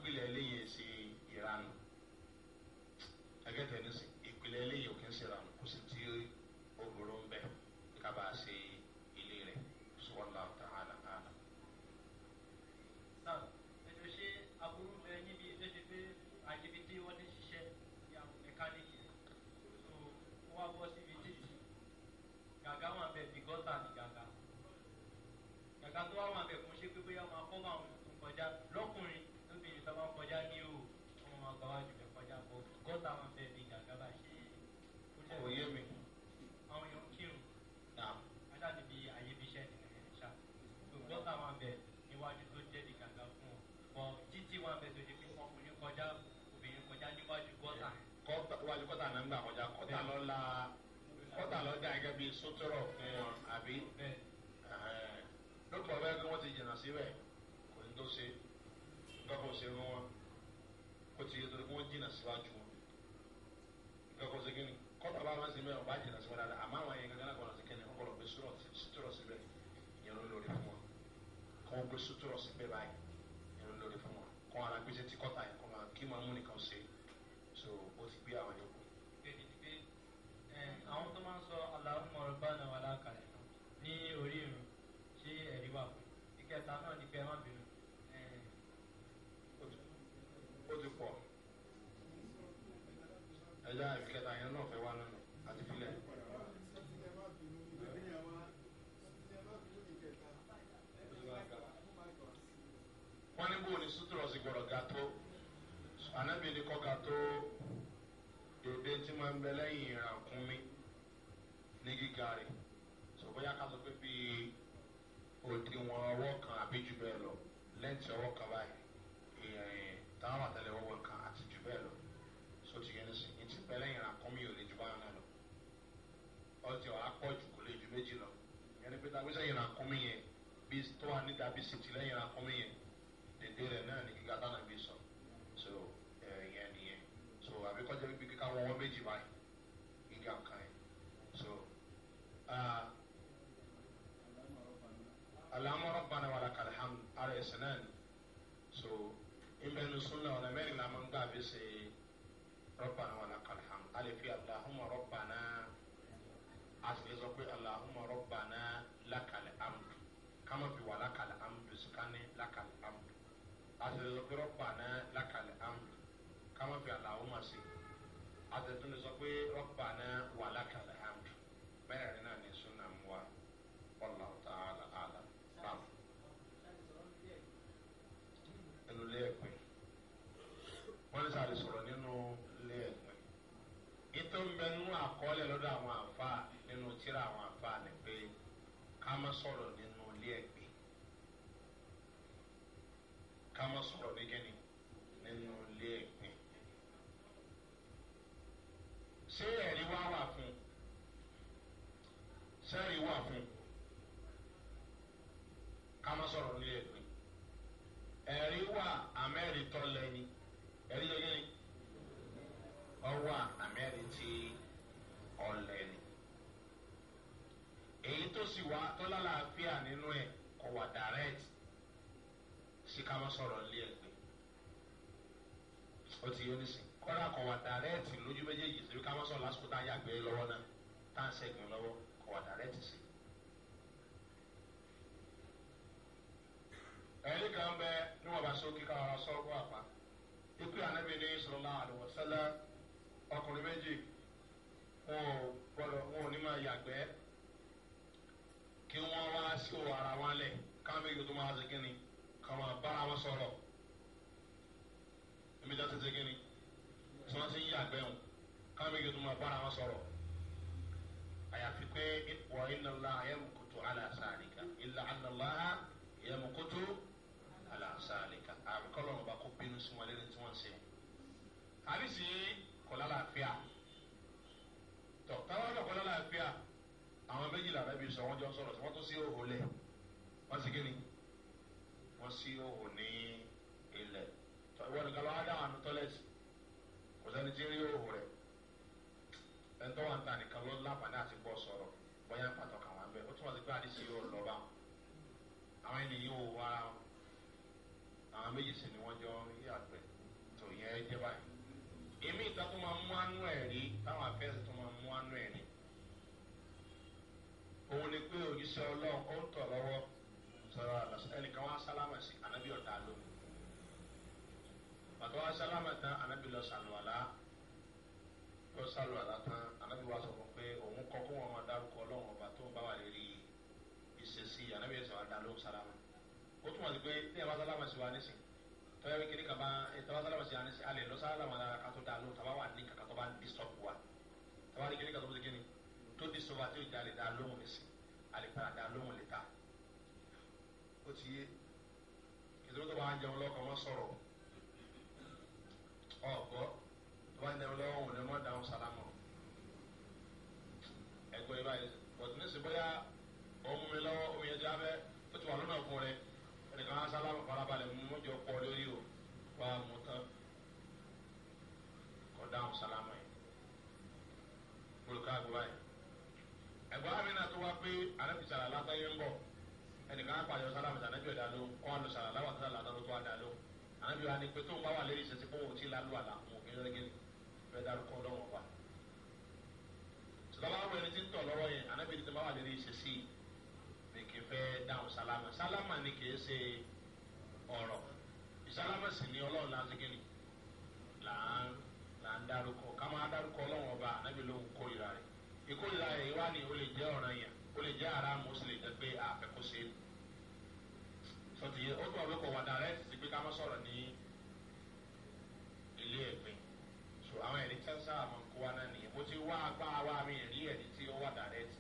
fún àwọn tuntun kọjá lọ́kùnrin lóbìnrin tó bá kọjá ní o wọ́n máa gbà wá jù bẹ́ẹ̀ kọjá bọ́ gọ́tà wọn bẹ́ẹ̀ ní gàgá bá ṣe é. kò yé mi. àwọn èèyàn kírun. nà. ajá ti fi àyè fi ṣẹ́ ẹ̀ ṣá. gọ́tà wọn bẹ́ẹ̀ níwájú tó jẹ́ ní gàgá fún ọ. bọ̀ títí wọn bẹ́ẹ̀ tó ṣe fi ọkùnrin kọjá obìnrin kọjá níwájú gọ́tà. wájú gọ́tà náà ń gbà kọjá kọ́tà lọ́la kọ́tà lọ́jà gẹ́gẹ́ bí sótọ́rọ̀ kí wọ́n ti jìnnà síbẹ̀ se nǹkan se ṣe rán wa kó ti yẹ tó ní kó wọ́n jìnnà síwájú wọn nǹkan kan ṣe kí ni kọ́tà bá wọn ṣe mẹ́rin ọba jìnnà síwájú dáadáa àmọ́ àwọn se kankan kan ṣe kí ni wọ́n kọ́ lọ gbé sùtúrọ̀ síbẹ̀ yẹn ló lórí fún wọn kọ́ wọ́n gbé sùtúrọ̀ síbẹ̀ báyìí yẹn ló lórí fún wọn kọ́ ara gbé ṣe ti kọ́tà yẹn kọ́ máa kí máa mú so ó ti gbé àwọn yòókù. àwọn tó máa ń sọ aláwọ̀ mọ̀rọ̀ anabi ni kọ́ka tó dòde tí máa ń bẹ lẹ́yìn ìrànkúnmi ní gíga rẹ̀ sọ̀bọ́yà ká sọ pé bíi òdiwọ̀n ọwọ́ kan àbí jù bẹ́ẹ̀ lọ lẹ́ǹtì ọwọ́ kan báyìí ìyẹn táwọn àtẹlẹ ọwọ́ kan àti jù bẹ́ẹ̀ lọ sọ ti yẹn nísìn ní ti bẹ lẹ́yìn ìrànkúnmi ò lè jù báyọ̀ náà lọ ọtí ọ̀ apọ̀jù kò lè ju méjì lọ ìyẹn ni pé tàbí sẹ́yìn ìrànkúnmi yẹn bí tó wà ní dàbí sètì lẹ́yìn ìrànkúnmi yẹn dèdè rẹ̀ náà ní gíga tánàbí àbí kọjá wípé kíkà wọn wọn méjì báyìí medium kind so uh, alamọrọ bana wàlá kalham ara ẹsẹ náà ni so ìmẹnu sunna ọ̀nà mẹ́rin la máa ń gbà bí ṣe rọ́bàna wàlá kalham alẹ́fi alahuma rọ́bàna àtìlẹ́ sọ alahuma rọ́bàna lákàlẹ̀ amdu kama fi wàlá kalẹ̀ amdu sikani lákàlẹ̀ amdu àtìlẹ́ sọ pé rọ́bàna amdu kama fi alahuma sikani àtẹ̀tún lè sọ pé rọ́bà náà wà lákàlẹ̀ hàmdù mẹ́rin náà ní súnà mú wa ọ̀là ọ̀tá àlà àlà náà. ẹnu lé ẹ̀pẹ́ wọ́n ní sàlẹ̀ sọ̀rọ̀ nínú lé ẹ̀pẹ́. ètò ń bẹ nínú àkọọ́lẹ̀ lọ́dọ̀ àwọn àfa nínú tíra àwọn àfa ni pé ká má sọ̀rọ̀ nínú lé ẹ̀pẹ́ ká má sọ̀rọ̀ ṣé ẹ̀rí wá wà fún un sẹ́ẹ̀rí wà fún un ká má sọ̀rọ̀ nílé ẹ̀gbìn ẹ̀rí wà àmẹ́rin tọ́ lẹ́ni ẹ̀rí yẹ yẹn ọwọ́ àmẹ́rin tí ọ̀lẹ́ni èyí tó sì wá tó lálàáfíà nínú ẹ̀ kọ̀ wà direct sí ká má sọ̀rọ̀ nílé ẹ̀gbìn ó ti yọ nísìnyí kọ́dà kọ̀wàdà rẹ̀ tì lójú méjèèjì síbi ká má sọ lásìkò tá a yàgbé lọ́wọ́ náà tá a ṣẹ́gun lọ́wọ́ kọ̀wàdà rẹ̀ tì sí. ẹ̀rí kan bẹ níwọ̀n bá sókè ká ọ̀rọ̀ sọ́kọ́ àpá ikú ànábì ní sọlá àdùwọ̀sálá ọkùnrin méjì wọn ò gbọdọ̀ wọn ò ní máa yàgbẹ́ kí wọ́n wá sí òwò ara wọn lẹ̀ káwọn méjì tó máa ṣe kí ni kàwọn wọn sọ̀rọ̀ èmi dá tètè kí ni wọn ti ń yàgbẹ́ wọn káwọn méjì tó máa bára wọn sọ̀rọ̀ àyàfi pé wà ìnàlá ayélukutu aláṣàlìkà ìlà ànàlá ayélukutu aláṣàlìkà àbíkọ́lọ́ ọba kó bínú sí wọn lẹ́ni tí wọ́n ń ṣe wọn. àdìsí kò lálàáfíà tọ́ táwọn ọ̀dọ́ kò lálàáfíà àwọn méjìlá rẹ̀ bí sọ wọ́n jọ sọ̀rọ̀ wọ́n tún sí òhò lẹ̀ wọ́n sì kíni wọ́n sí òhò ní ilẹ̀ tọ́ ìwọ́n nìkan lọ́wọ́ dáhùn àmì tọ́lẹ̀tì sẹ́ni tí ń rí òwò ta nìkan ló láǹfààní àti bọ́ sọ̀rọ̀ bóyá pàtàkì àwọn abẹ́ ó túmọ̀ sí pé àdìsí yóò lọ àwọn ènìyàn ò wá àwọn méjì sì ni wọ́n jọ yí àgbẹ̀ tó yẹ ẹ jẹ́ báyìí èmi ìta tó máa mú anú ẹ̀ rí táwọn afẹ́sẹ̀ tó máa mú anú ẹ̀ rí òun ni pé òjíṣẹ́ ọlọ́run ó ń tọ̀ lọ́wọ́ sọ̀rọ̀ ẹnìkan wá sálámà sí anábì ọ̀tá lónìí pàtó wá sálámà tán anábì lọ sàlùwàlá tó sálù àlátán anábì wa sọ fún pé òun kọ́ kó wọn máa dárúkọ ọlọ́run ọba tó ń bá wà lérí ìṣesí anábì ẹ̀sán àdá ló ń sálámà ó túmọ̀ sí pé ní ẹ̀bá sálámà sí wa nísìn tọ́yà wí kíní kaba ẹ̀tọ́ sálámà sí wa nísìn alẹ́ lọ sálámà lára ká tó dá ló tàbá wà ní kàkà tó bá ń disturb wa tàbá ní kíní kàtó tó kíní tó disturb àti ìjà lè dá lóhùn nísìn alẹ́ padà dá lóhùn lè ta ó ti yé ìdúró tó bá ń jẹun lọ́kàn wọn nẹ ọlọ́wọ́ wọn nẹ wọn dà wọn sálámọ̀ ẹgbẹ́ yìí báyìí bọ̀dù ní sèbóyá ọmú mi lọ́wọ́ omi ẹja abẹ ó ti wà lọ́nà ọkùn rẹ ẹnìkan á sálámọ̀ farabalẹ̀ mú mọ́jọ pọ̀ lórí o wà á mú tán kọ́ dà wọn sálámọ̀ yìí olùkọ́ àgbẹ̀ báyìí ẹgbẹ́ amínà tó wá pé alábìsàlà látàyé ń bọ̀ ẹnìkan á pàjọ sálámọ̀ ìtànẹ́jọ́ ìdá ló kọ́ àlùsàlà láwàtà látàlótó àdá ló ànábìwá ni pé tó ń bá wà lérí ìṣẹ́sí pé òun ti lálù àlà òun kì í lọ́rẹ́gẹ́lẹ́ bẹ́ẹ̀ dárúkọ lọ́wọ́ wa sọlá àwọn ẹni tí ń tọ̀ lọ́wọ́ yẹn anábìrì tí wọ́n wà lórí ìṣesí ni kì í fẹ́ dáhùn sálámà sálámà ni kì í ṣe ọ̀rọ̀ ìsálámà sì ni ọlọ́run láti gíní là ń là ń dárúkọ ká máa dárúkọ ọlọ́run o lè jẹ́ ọ̀ràn yẹn o lè jẹ́ ara mo sì lè jẹ́ pé àfẹ́kọ́ ṣe é sọtìyẹ ó tún àbẹ́kọ̀ wà dàrẹ́tì sí pé ká ilé ẹ̀gbẹ́ àwọn ẹ̀rí tí sáà máa ń kó wa náà nìyẹn mo ti wá agbá wa mi rí ẹ̀rí tí ó wà dàrẹ́tì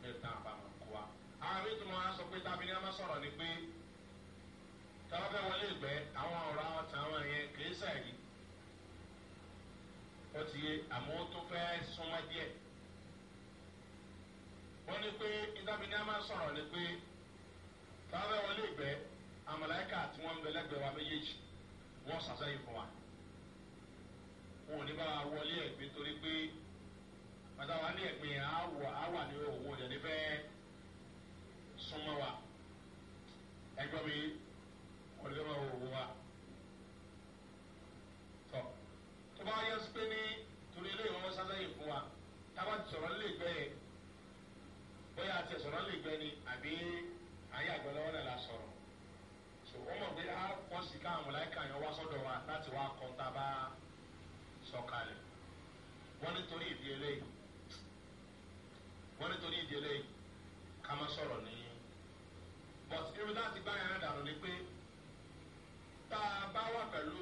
ní ìtàn àbá máa ń kó wa. àwọn mi tún máa sọ pé tábí ní a máa sọ̀rọ̀ ni pé tọ́wọ́ fẹ́ wọlé ìgbẹ́ àwọn ọ̀rọ̀ àwọn tàwọn yẹn kì í sẹ̀rí ó ti yé àmọ́ tó fẹ́ súnmọ́ díẹ̀ wọ́n ní pé ìtàbí ní a sọ̀rọ̀ ni pé tọ́wọ́ fẹ́ wọlé ìgbẹ́ àmàlẹ́kà tí wọ́n ń bẹ lẹ́gbẹ̀ẹ́ wa méjèèjì wọ́n sàṣẹ́yìn fún wa wọn ò ní bá wọlé ẹ̀gbin torí pé bàtà wa ní ẹ̀gbin àwọ̀ àwà ní òwò ọ̀jà ní fẹ́ súnmọ́ wa ẹgbẹ́ mi ọ̀lẹ́ wa òwò wa tọ̀ tó bá yẹ sípé ní torí ilé ìwọ́n sátẹ́yìn fún wa tábà ti sọ̀rọ̀ lè gbẹ́ yẹn bóyá àti sọ̀rọ̀ lè gbẹ́ ni àbí ayé àgbẹ̀lọ́wọ́ náà la sọ̀rọ̀ so wọ́n mọ̀ pé a kọ́ sí káwọn mọ̀láìkà yẹn wá sọ́dọ̀ wa láti wá kọ́ tá a sọ̀kalẹ̀ wọ́n nítorí ìdí eléyìí wọ́n nítorí ìdí eléyìí ká má sọ̀rọ̀ ní but irun láti gbá yẹn dànù ni pé tá a bá wà pẹ̀lú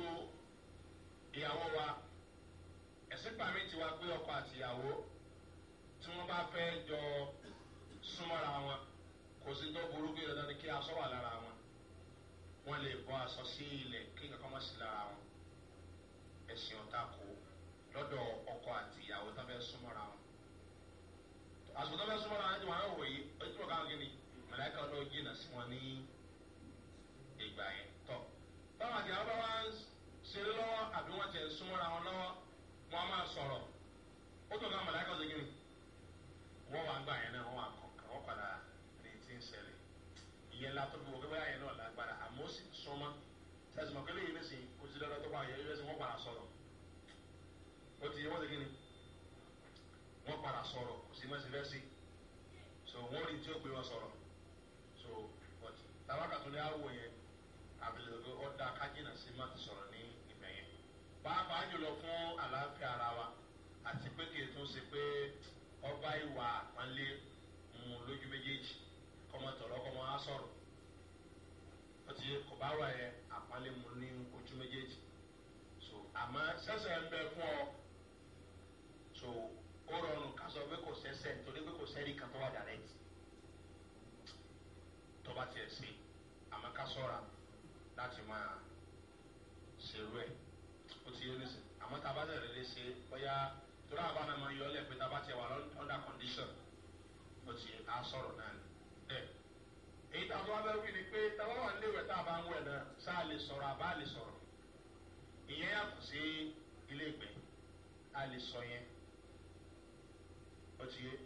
ìyàwó wa ẹ̀sìn pàmì tiwa pé ọkọ àti ìyàwó tí wọ́n bá fẹ́ jọ súnmọ́ra wọn kò sí tó burú bí dandan ni kí aṣọ wà lára wọn wọ́n lè bọ́ aṣọ sí ilẹ̀ kí nǹkan kan mọ̀ sí lára wọn ẹ̀sìn ọ̀tá kò ó lọ́dọ̀ ọkọ àti ìyàwó tó fẹ́ súnmọ́ra wọn. àsìkò tó fẹ́ súnmọ́ra wọn ni wọ́n á wòye ojú tó káwọn gini mọ̀láìka ọlọ́ọ̀ jìnnà sí wọn ní ìgbà yẹn tọ̀. báwọn àti àwọn bá wá ń ṣeré lọ́wọ́ àbí wọ́n tẹ̀ súnmọ́ra wọn lọ́wọ́ wọn máa sọ̀rọ̀ ó tó káwọn mọ̀láìka ọ̀sẹ̀ gini wọ́n wá ń gbà yẹn náà wọ́n wá kọ̀ọ̀kan wọ́n padà ní ti ń ṣẹlẹ̀ ìyẹn látọ́ bí wọ́n gbẹ́ báyẹn náà lágbára àmọ́ sì súnmọ́ sẹ́sìmọ̀ kẹ́lẹ́ ó ti yẹ wọ́n ti kí ni wọ́n padà sọ̀rọ̀ kò sí mẹ́sì fẹ́ sí so wọ́n rí tí ó gbé wọn sọ̀rọ̀ so but tabaka tó ní àwò yẹn àbẹ̀lẹ̀ ọ̀dà kájínà sí má ti sọ̀rọ̀ ní ìbẹ̀ yẹn pàápàá jùlọ fún àlàáfíà ara wa àti pé kì í tún ṣe pé ọba ìwà àpọ́nlé mu lójú méjèèjì kọ́mọ tọ̀rọ̀ kọ́mọ á sọ̀rọ̀ ó ti kò bá wà yẹn àpọ́nlé mu ní ojú méjèèjì so àmọ́ sẹ́sẹ̀ ń bẹ fún ọ so ó rọrùn ká sọ pé kò sẹ́sẹ̀ nítorí pé kò sẹ́rí kan tó wà direct tó bá tiẹ̀ sí àmọ́ ká sọ́ra láti máa ṣerú ẹ̀ ó ti yé nísìn àmọ́ tá a bá tẹ̀lé ṣe bóyá torí àbá náà máa yọ ọ́ lẹ̀ pé tá wà under condition ó ti á sọ̀rọ̀ náà ni bẹ́ẹ̀ èyí tá a tó wá bẹ́ẹ̀ wí ni pé tá a bá wà nílé ìwẹ̀ tá a bá ń wẹ̀ náà sáà lè sọ̀rọ̀ àbá lè sọ̀rọ̀ ìyẹn yàtọ̀ sí ilé ìgbẹ́ a lè sọ yẹn ọtí ilé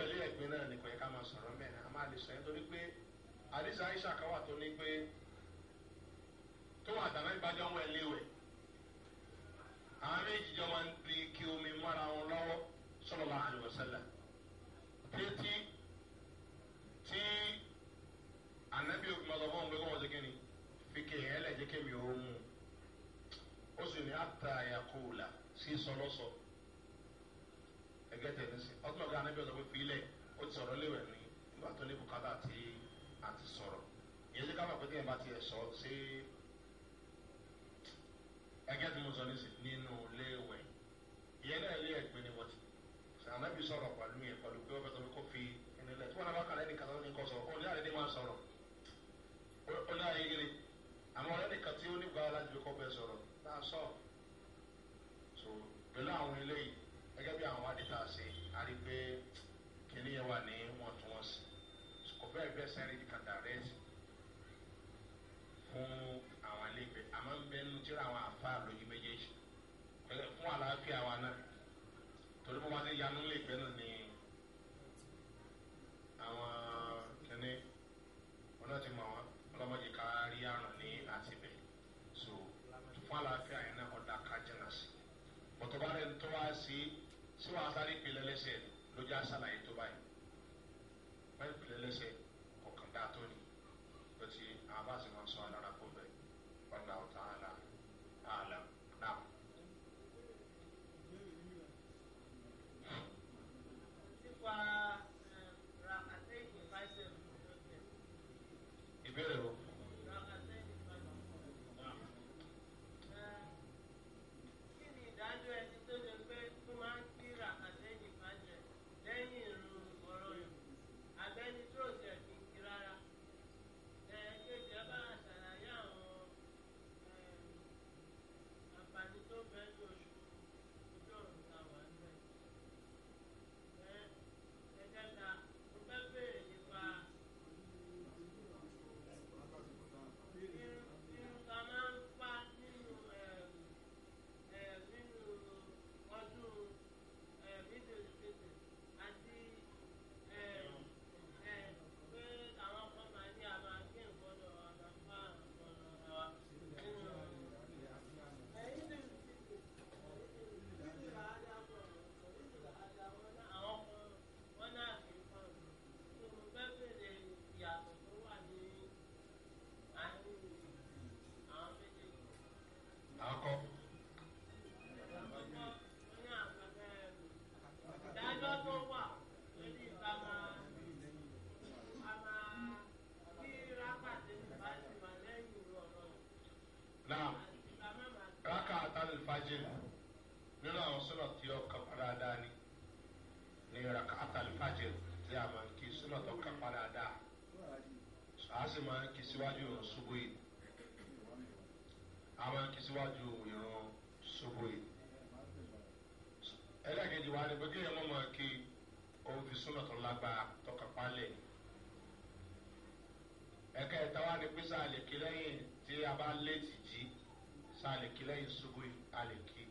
ìrọ̀lẹ́ ẹ̀gbin náà nìkan yẹ ká máa sọ̀rọ̀ mẹ́rin a máa lè sọ yẹn torí pé àdìsá aisha kan wà tó ní pé tó wà tàbí ìbájọ́ wọn léwẹ̀ àwọn méjì jọ máa ń di kí omi mọ́ra wọn lọ́wọ́ sọ̀rọ̀ bá àyọ̀ sẹ́lẹ̀ títí tí ànábì òkú máa lọ fún ọmọ ẹgbẹ́ wọn ṣe kí ni fi kéèyàn ẹlẹ́jẹ̀ kémi òun mú ó sì ní àtàyà kóòlà sí sọlọ́sọ̀ọ́ ẹgbẹ́ tẹ̀lé sí ọtún ọ̀gá anábì ọ̀sán pé fílẹ̀ ó ti sọ̀rọ̀ léwẹ̀ ní ìgbà tó ní bùkátà tí a ti sọ̀rọ̀ ìyẹn ti kábàá pé tí ẹ̀ bá tiẹ̀ sọ sí ẹgbẹ́ tí mo sọ ní sí nínú léwẹ̀ ìyẹn náà lé ẹ̀gbẹ́ ni wọ́n ti anábì sọ̀rọ̀ pẹ̀lú yẹn pẹ̀lú pé wọ́n fẹ́ sọ pé kó fi ẹni lẹ̀ tí wọ́n náà bá kàlẹ́ nìkan tó ní kọ́ sọ̀rọ̀ ó ní àlẹ́ ní máa sọ̀rọ̀ ó ní àyè gírí àwọn ọ̀rẹ́ nìkan tí ó ní gbàgbọ́ láti fi kọ́ bẹ́ẹ̀ sọ̀rọ̀ náà sọ̀rọ̀ so pẹ̀lú àwọn eléyìí lórí àwọn wádìí tá a ṣe a rí pé kìnní yẹn wà ní wọ̀ntúnwọ̀nsì kò bẹ́ẹ̀ bẹ́ẹ̀ sẹ́rí ní kàtàrẹ́t fún àwọn iléègbé àmọ́ ń bẹ́ẹ̀ nu tí ra àwọn àfa lójú méjèèjì fún àlàáfíà wa náà torí bó wá sí yanú iléègbé náà sọ wọn asáré pèlè lẹsẹ lójú asálàyé tó báyìí wọn pèlè lẹsẹ. lẹ́yìn ṣubú àlèkí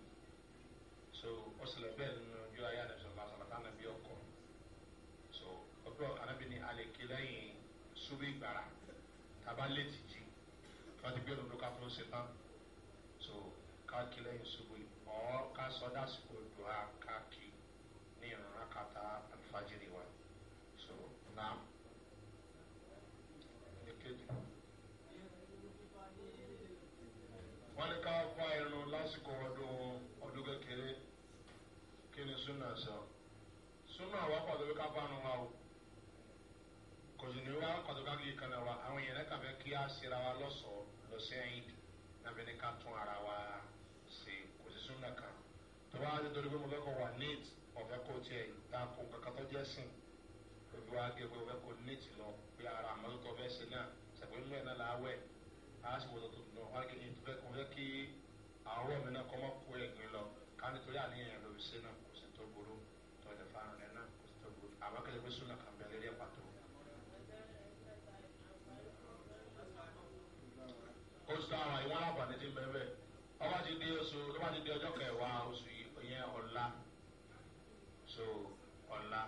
so ó sì lọ bẹ́ẹ̀ nínú ojú ayé àdàbí sọ̀rọ̀ àṣàlà tá ànàbí ọkọ̀ so ọdún ànàbí ni àlèkí lẹ́yìn ṣubú ìgbàrà tàbá létí jí wọ́n ti gbé ọdún tó ṣe tán so káàkì lẹ́yìn ṣubú ọ̀ ká sọ dásìkò dùn á káàkì ní ìrànlọ́kàtà àlùfáàjì rẹ̀ so náà. suna sọ suna wa pàtó bí ká bánu wa o kò sì ní wa pàtó ká kìí kanna wa àwọn yẹn lẹ́ka fẹ́ kí á sera wa lọ́sọ̀ọ́ lọ́sẹ̀yìn nàbẹ̀ ní ká tún ara wa ṣe kò sí súnà kan tó bá ti torí pé mo fẹ́ kọ wà neat ọ̀fẹ́ kò tiẹ̀ ta kò kankan tó jẹ́ sìn òbí wa gé pé ọ̀fẹ́ kò neat lọ pé ara àmọ́tótó fẹ́ ṣe náà ṣàpè mú ẹ̀ náà láwẹ̀ á sì wọ́n tó tó nù wọ́n á kì í fẹ́ kí àwọn ọmọ mi náà kọ́ mọ́ kó ẹ̀gbìn lọ ká nítorí àníyàn lóbi ṣe náà tó burú tó lè fa àrùn náà kò sí tó burú àwọn akẹ́lẹ́ pé súnà kan bẹ lórí ẹ̀pà tó. oṣù táwọn ìwọ́n alábàáni ti bẹ̀rẹ̀ bẹ́ẹ̀ ọba ti di oṣù lọ́ba ti di ọjọ́ kẹwàá oṣù yẹn ọ̀la so ọ̀la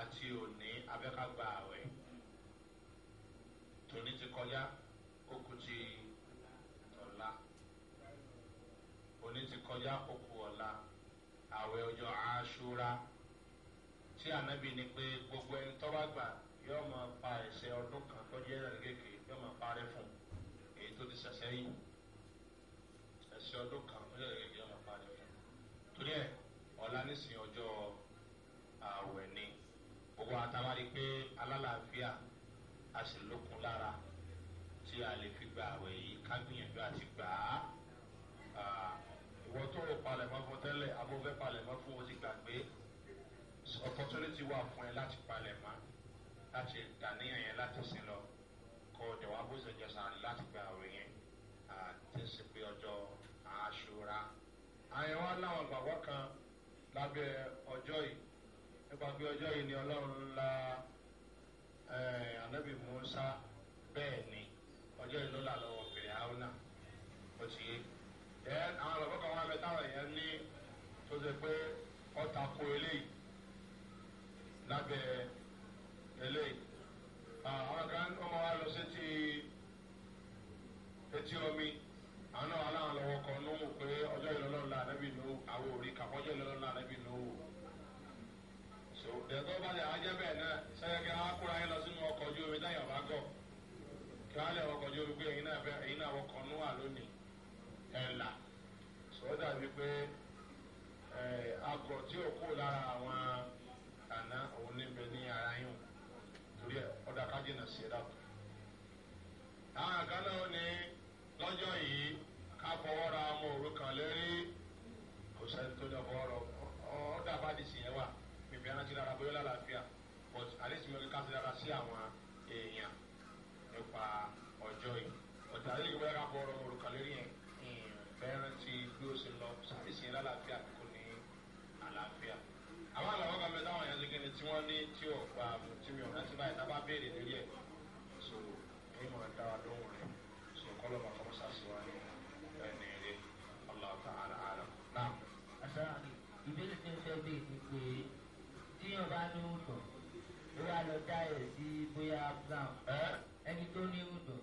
àti òní abẹ́ká gba àwẹ̀. mẹ́ta tí ànábì ni pé gbogbo ẹni tọ́ bá gbà yóò máa pa ẹsẹ̀ ọdún kan tó jẹ́ ẹ̀rọ kéèké yóò máa parẹ́ fún èyí tó ti ṣẹ̀ṣẹ̀ yìí ẹsẹ̀ ọdún kan tó jẹ́ ẹ̀rọ kéèké yóò máa parẹ́ fún torí ẹ̀ ọ̀la nísìnyí ọjọ́ ààwẹ̀ ni gbogbo àtàwárí pé alálàáfíà a sì lókun lára tí a lè fi gba ààwẹ̀ yìí ká àti gbà á tó rò palẹ̀mọ́ fún tẹ́lẹ̀ abọ́fẹ́ palẹ̀mọ́ fún o ti gbàgbé opportunity wà fún ẹ láti palẹ̀mọ́ láti dàníyàn yẹn láti sin lọ kọ dẹ̀wà bó ṣe jẹ sàn láti gba òwe yẹn àti ṣe pé ọjọ́ àṣùra. àyẹ̀ wá láwọn gbàgbọ́ kan lábẹ́ ọjọ́ yìí nípa pé ọjọ́ yìí ni ọlọ́run la ànábì musa bẹ́ẹ̀ ni ọjọ́ yìí ló là lọ́wọ́ pèrè áwùnà ó ti yé. then àwọn ọ̀rọ̀ kan wá bẹ táwọn èèyàn ní tó ṣe pé ọ̀tà kó eléyìí lábẹ́ eléyìí àwọn kan ọmọ wa lọ ah, sí ti etí omi àwọn náà aláwọn lọ́wọ́ kan ló mú pé ọjọ́ ìlọ́lọ́la ànábì ló àwọn òrí kàpọ̀ ọjọ́ ìlọ́lọ́la ànábì so dẹ̀tọ́ bá lè ajẹ́ bẹ́ẹ̀ náà sẹ́yẹ́kẹ́ akúra yín lọ sínú ọkọ̀ ojú omi ẹ̀là sọ́dà wípé agọ̀ tí ò kó lára àwọn àná òun níbẹ̀ ní ara yín torí ọ̀dà kájínà sí ẹ̀dá kù. àwọn àkànnà ò ní lọ́jọ́ yìí ká fọwọ́ ra ọmọ òrukàn lérí kò sẹ́ni tó lọ fọwọ́ rọ ọ̀dà bá di sí yẹn wà bíbí aná ti lára bóyá lálàáfíà but àlejò mi ká sí lára sí àwọn èèyàn nípa ọjọ́ yìí ọ̀dà àlejò mi ká tí wọ́n ní tí ò bá mu tí mi ò rántí báyìí tá a bá béèrè lórí ẹ̀ so èyí mọ̀ dá wa lóhùn rẹ̀ so kọ́lọ́ bá fọwọ́ sàṣìwá ní ẹni rẹ̀ ọlọ́ọ̀tà àlà àlà náà. àṣà ìbéèrè tí ń fẹ́ bí ni pé tí yóò bá ní ùdọ̀ ló wá lọ dá ẹ̀ sí bóyá brown ẹni tó ní ùdọ̀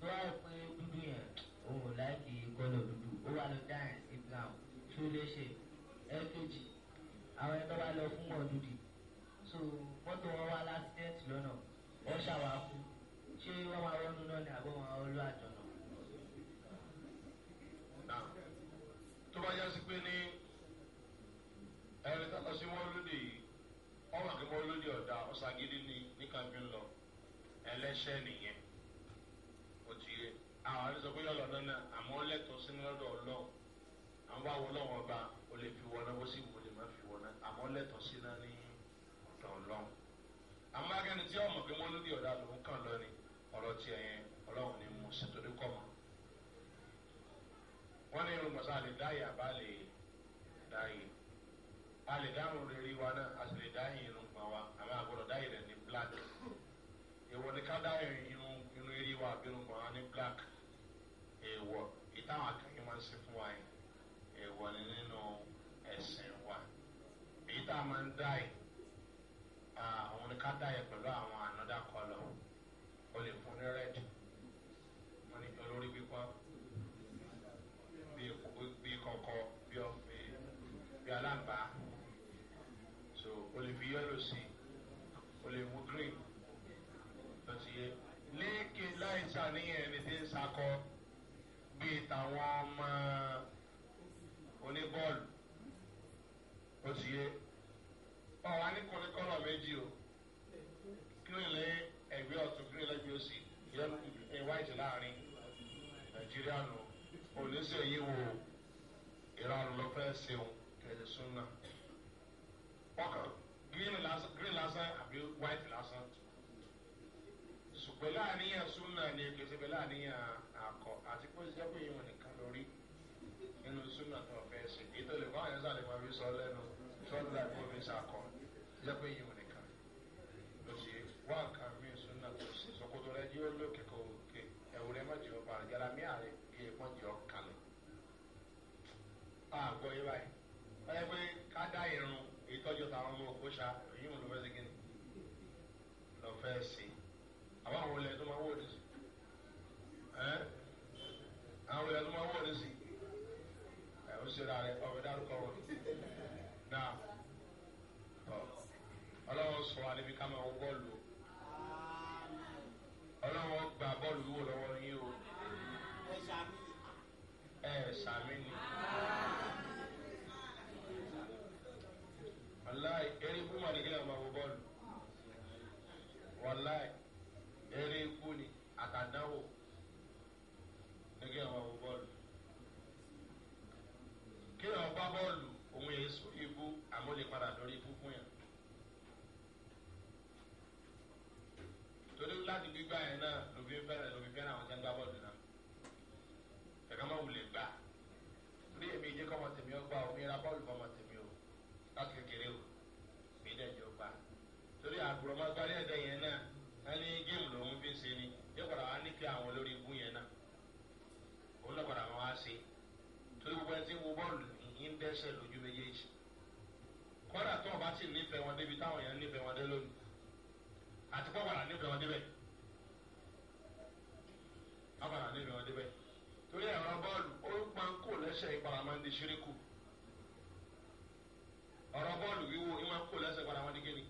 tó wá pé dúdú yẹn òun ò láìkì kọ́lọ̀ dúdú ó wá lọ dá ẹ̀ sí brown tó léṣe ẹ̀ kejì àwọn ẹ̀ tó wá lọ fún ọ̀dúndì so mọ́tò wọn wá láṣídẹ́ẹ̀tì lọ́nà wọ́n ṣàwà kú ṣé wọ́n máa wọ́n lọ́nà ní àbọ̀ wọn olú àjọ̀nà. tó bá yá sí pé ní ẹ̀rẹ́ tàbí sí wọ́n lóde yìí wọ́n wà ní wọ́n lóde ọ̀dà ọ̀sàgídí ni ní kàbíyàn lọ ẹlẹ́ṣẹ́ nìyẹn ó ti yẹ àwọn àti sọ pé yọ̀ lọ́nà náà àmọ́ lẹ́tọ̀ọ́ sínú lọ́dọ̀ ọlọ́run àwọn bá wọlọ́wọ́n ọba ó lè fi wọná ó sì wọlé má fi wọná àmọ́ lẹ́tọ̀ọ́ sí náà ní bá kẹ́ni tí ọmọ pé wọ́n lórí ọ̀dà lòun kàn lọ ni ọ̀rọ̀ tiẹ̀ yẹn ọlọ́run ni mo ṣètò ní kọ̀mọ́. wọ́n ní irungbọ̀nsá lè dáyè àbá lè dáyè a lè dáhùn rere wa náà a sì lè dáyè irungbọ̀n wa àmọ́ àgbọ̀dọ̀ dáyè rẹ̀ ní black èèwọ̀ ni ká dáyè irun inú eré wa àbí irungbọ̀n wa ní black èèwọ̀ ìtàwọn akẹ́yìn máa ń ṣe fún wa yẹn èèwọ̀ ni nínú ẹ̀sìn wa èyí tá a máa ń dáyè dá yẹ pẹ̀lú àwọn ànádà kọlọ̀ o lè fún ní red mo ní olórí pípọ́ bí kọ̀kọ́ bí ọ̀fẹ́ bí aláǹbá so o lè fi yellow sí o lè mú green lọ sí yé léèké láì sàníyàn ẹni tí ń sakọ bíi tàwọn ọmọ oníbọ́ọ̀lù ó ti yé ọ̀ wá ní kọ́ni green lé ẹ̀gbẹ́ ọ̀tún green lẹ́gbẹ́ òsì yẹ́lú white láàrin nàìjíríà nù oníṣẹ́ yìí wo ìranù ló fẹ́ ṣeun kẹ̀lẹ́ súnà ọkàn green lásán àbí white lásán ṣùgbọ́n láàníyàn súnà ni kìí ṣe láàníyàn àkọ́ àti pé ṣe pé ìwọ̀n nìkan lórí nínú súnà tó fẹ́ ṣe ètò ìlú báwọn yẹn máa fi sọ lẹ́nu sọ́dún láì fún mi ṣàkọ́ ṣe pé ìwọ̀n ṣùgbọ́n nǹkan mi súnà kò sí sọkòtò rẹ yóò lókè kò òkè ẹ̀wù rẹ mọ̀jì ọba àjàrà mí àrẹ kí ẹ̀ mọ̀jì ọ̀kalẹ̀. àgọ́ yìí báyìí wọ́n yẹ pé ká dá irun ìtọ́jú táwọn ọmọ òkú ṣá èyí ò lọ fẹ́ sí kíni lọ fẹ́ sí. wọ́n lu wò lọ́wọ́ yín o. ẹ ṣàmì ni. wàláì eré kú màdì kí lè máa wo bọ́ọ̀lù. wàláì eré kú ni àtàdánwò ní máa wo bọ́ọ̀lù. kí lè máa gbá bọ́ọ̀lù òun yẹn sọ ibú àmúlẹ̀ padà lórí ibú fún yẹn. torí láti gbígbá yẹn náà fi fẹ́ràn ló fi fẹ́ràn àwọn jẹ́ńgbá bọ́ọ̀lù náà kẹ̀kẹ́ máa wulẹ̀ gbà torí èmi ìjẹ́ kọ́ ọmọ tèmi ọgbà omi ra bọ́ọ̀lù fọmọ tèmi o láti kékeré o mi dẹ̀ jẹ́ ọgbà torí àbúrò máa gbá lẹ́ẹ̀dẹ́ yẹn náà ẹ ní géèmù lòún fi ń ṣe ni yóò padà wá ní kí àwọn olórí ikú yẹn náà òun náà padà wá ṣe torí gbogbo ẹni tí ń wo bọ́ọ̀lù ní ń dẹ́sẹ̀ lójú méjèèjì kọ́dà tó ọba sì nífẹ̀ẹ́ wọn débi táwọn yẹn nífẹ̀ẹ́ wọn dé lónìí àti kọ́ padà nífẹ̀ẹ́ wọn débẹ̀ di ṣíríkù ọ̀rọ̀ bọ́ọ̀lù wíwo ìmọ̀ kó lẹ́sẹ̀ padà wọn ní kíni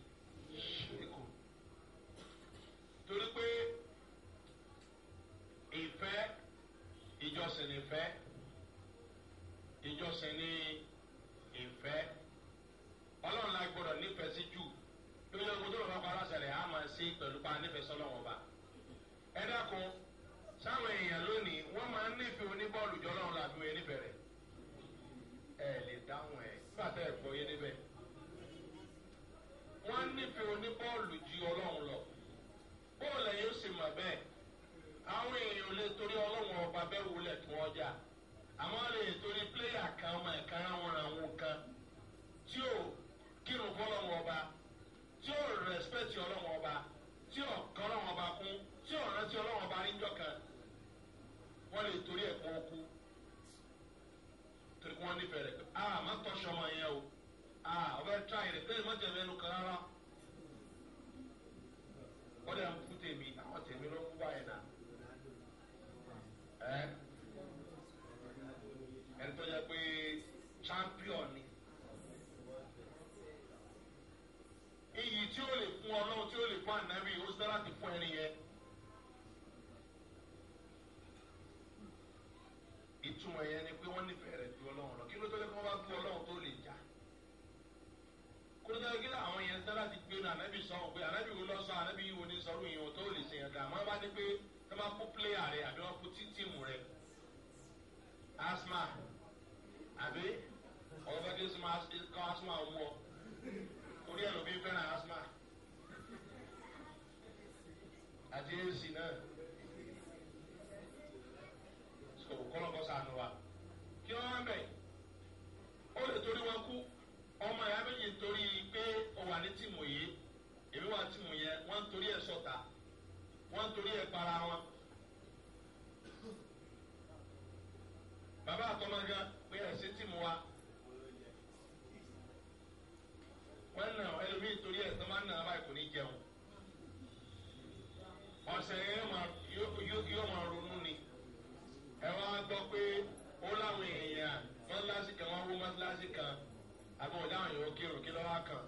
ṣíríkù torí pé ìfẹ́ ìjọsìn nìfẹ́ ìjọsìn ní ìfẹ́ ọlọ́run la gbọ́dọ̀ nífẹ̀ẹ́ sí jù lórí ọgbọ́n tó lọ́wọ́ pa aláṣẹ rẹ̀ á máa ṣe pẹ̀lú pa nífẹ̀ẹ́ sọ́lọ́wọ́ ọba ẹ dákun sáwọn èèyàn lónìí wọ́n máa ń nífẹ̀ẹ́ oníbọ́ọ̀lù jọlọ́run làbí wọn nífẹ̀ẹ́ rẹ̀ nígbà tẹ́ ẹ̀ gbọ́ yé níbẹ̀ wọ́n nífẹ̀ẹ́ oníbọ́ọ̀lù ju ọlọ́run lọ bọ́ọ̀lù ẹ̀yìn ó sì mọ̀ bẹ́ẹ̀ àwọn èèyàn ò lè torí ọlọ́run ọba bẹ́ẹ̀ wulẹ̀ fún ọjà àmọ́ lè torí pléyà kan ọmọ ẹ̀ka àwọn àwọn kan tí ò kírun fọlọ́run ọba tí ò rẹ̀spẹ̀tì ọlọ́run ọba tí ò kọ́ ọlọ́run ọba kún tí ò rántí ọlọ́run ọba níjọ́ kan wọ́n lè torí ẹ̀kọ́ kú kí wọ́n nífẹ̀ẹ́ rẹ̀ pé ah, a má tọ́ṣọ ọmọ yẹn o a ah, ọbẹ̀ tra ìrẹ̀ pé má jẹ̀mẹ́ ẹnu kan rárá. wọ́n dẹ̀ fún tèmi àwọn tèmi ló kú báyìí náà. ẹ ẹni tó yẹ pé champion ni. iyì tí ó lè fún ọlọ́run tí ó lè fún ànábì ó sára ti fún ẹni àwọn yẹn ni pé wọ́n nífẹ̀ẹ́ rẹ̀ ju ọlọ́run lọ kí ló tọ́jú kí wọ́n bá gbé ọlọ́run tó lè jà kó tọ́jú kí àwọn yẹn sára ti gbé náà ànábì sọ pé ànábì wo lọ sọ ànábì yìí wo ní sọrú yìí wọn tó lè ṣe yẹn dà wọ́n bá ní pé wọ́n bá kó pléyà rẹ̀ àbí wọ́n kó tíìmù rẹ̀ asma àbí ọ̀rọ̀ kí kọ́ asma wọ̀ orí ẹ̀ ló fi fẹ́ràn asma àti ac náà. para wọn. bàbá àtọmọ gan pé ẹ̀sìn tì mú wa. wọ́n nà ẹlòmíì torí ẹ̀ tó máa ń nà á báyìí kò ní jẹun. ọ̀sẹ̀ yóò máa ronú ni. ẹ wá gbọ́ pé ó láwọn èèyàn mọ́tíláṣí kan wọ́n wó mọ́tíláṣí kan àbọ̀ ọ̀dà àwọn èèyàn ó kírun lọ́wọ́ kan.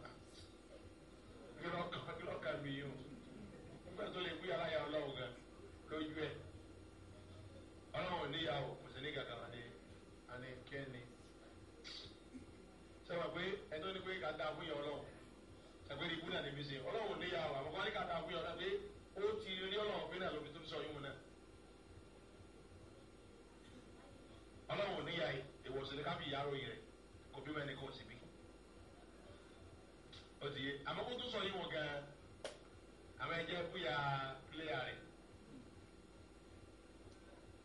sọ̀rọ̀ ká fi ìyá ròyìn rẹ̀ kò bí wọn ẹni kò sí bí. ó ti yé àmọ́ kó tó sọ yín wọn gan-an àwọn ẹ̀jẹ̀ fúyà pílẹ̀yà rẹ̀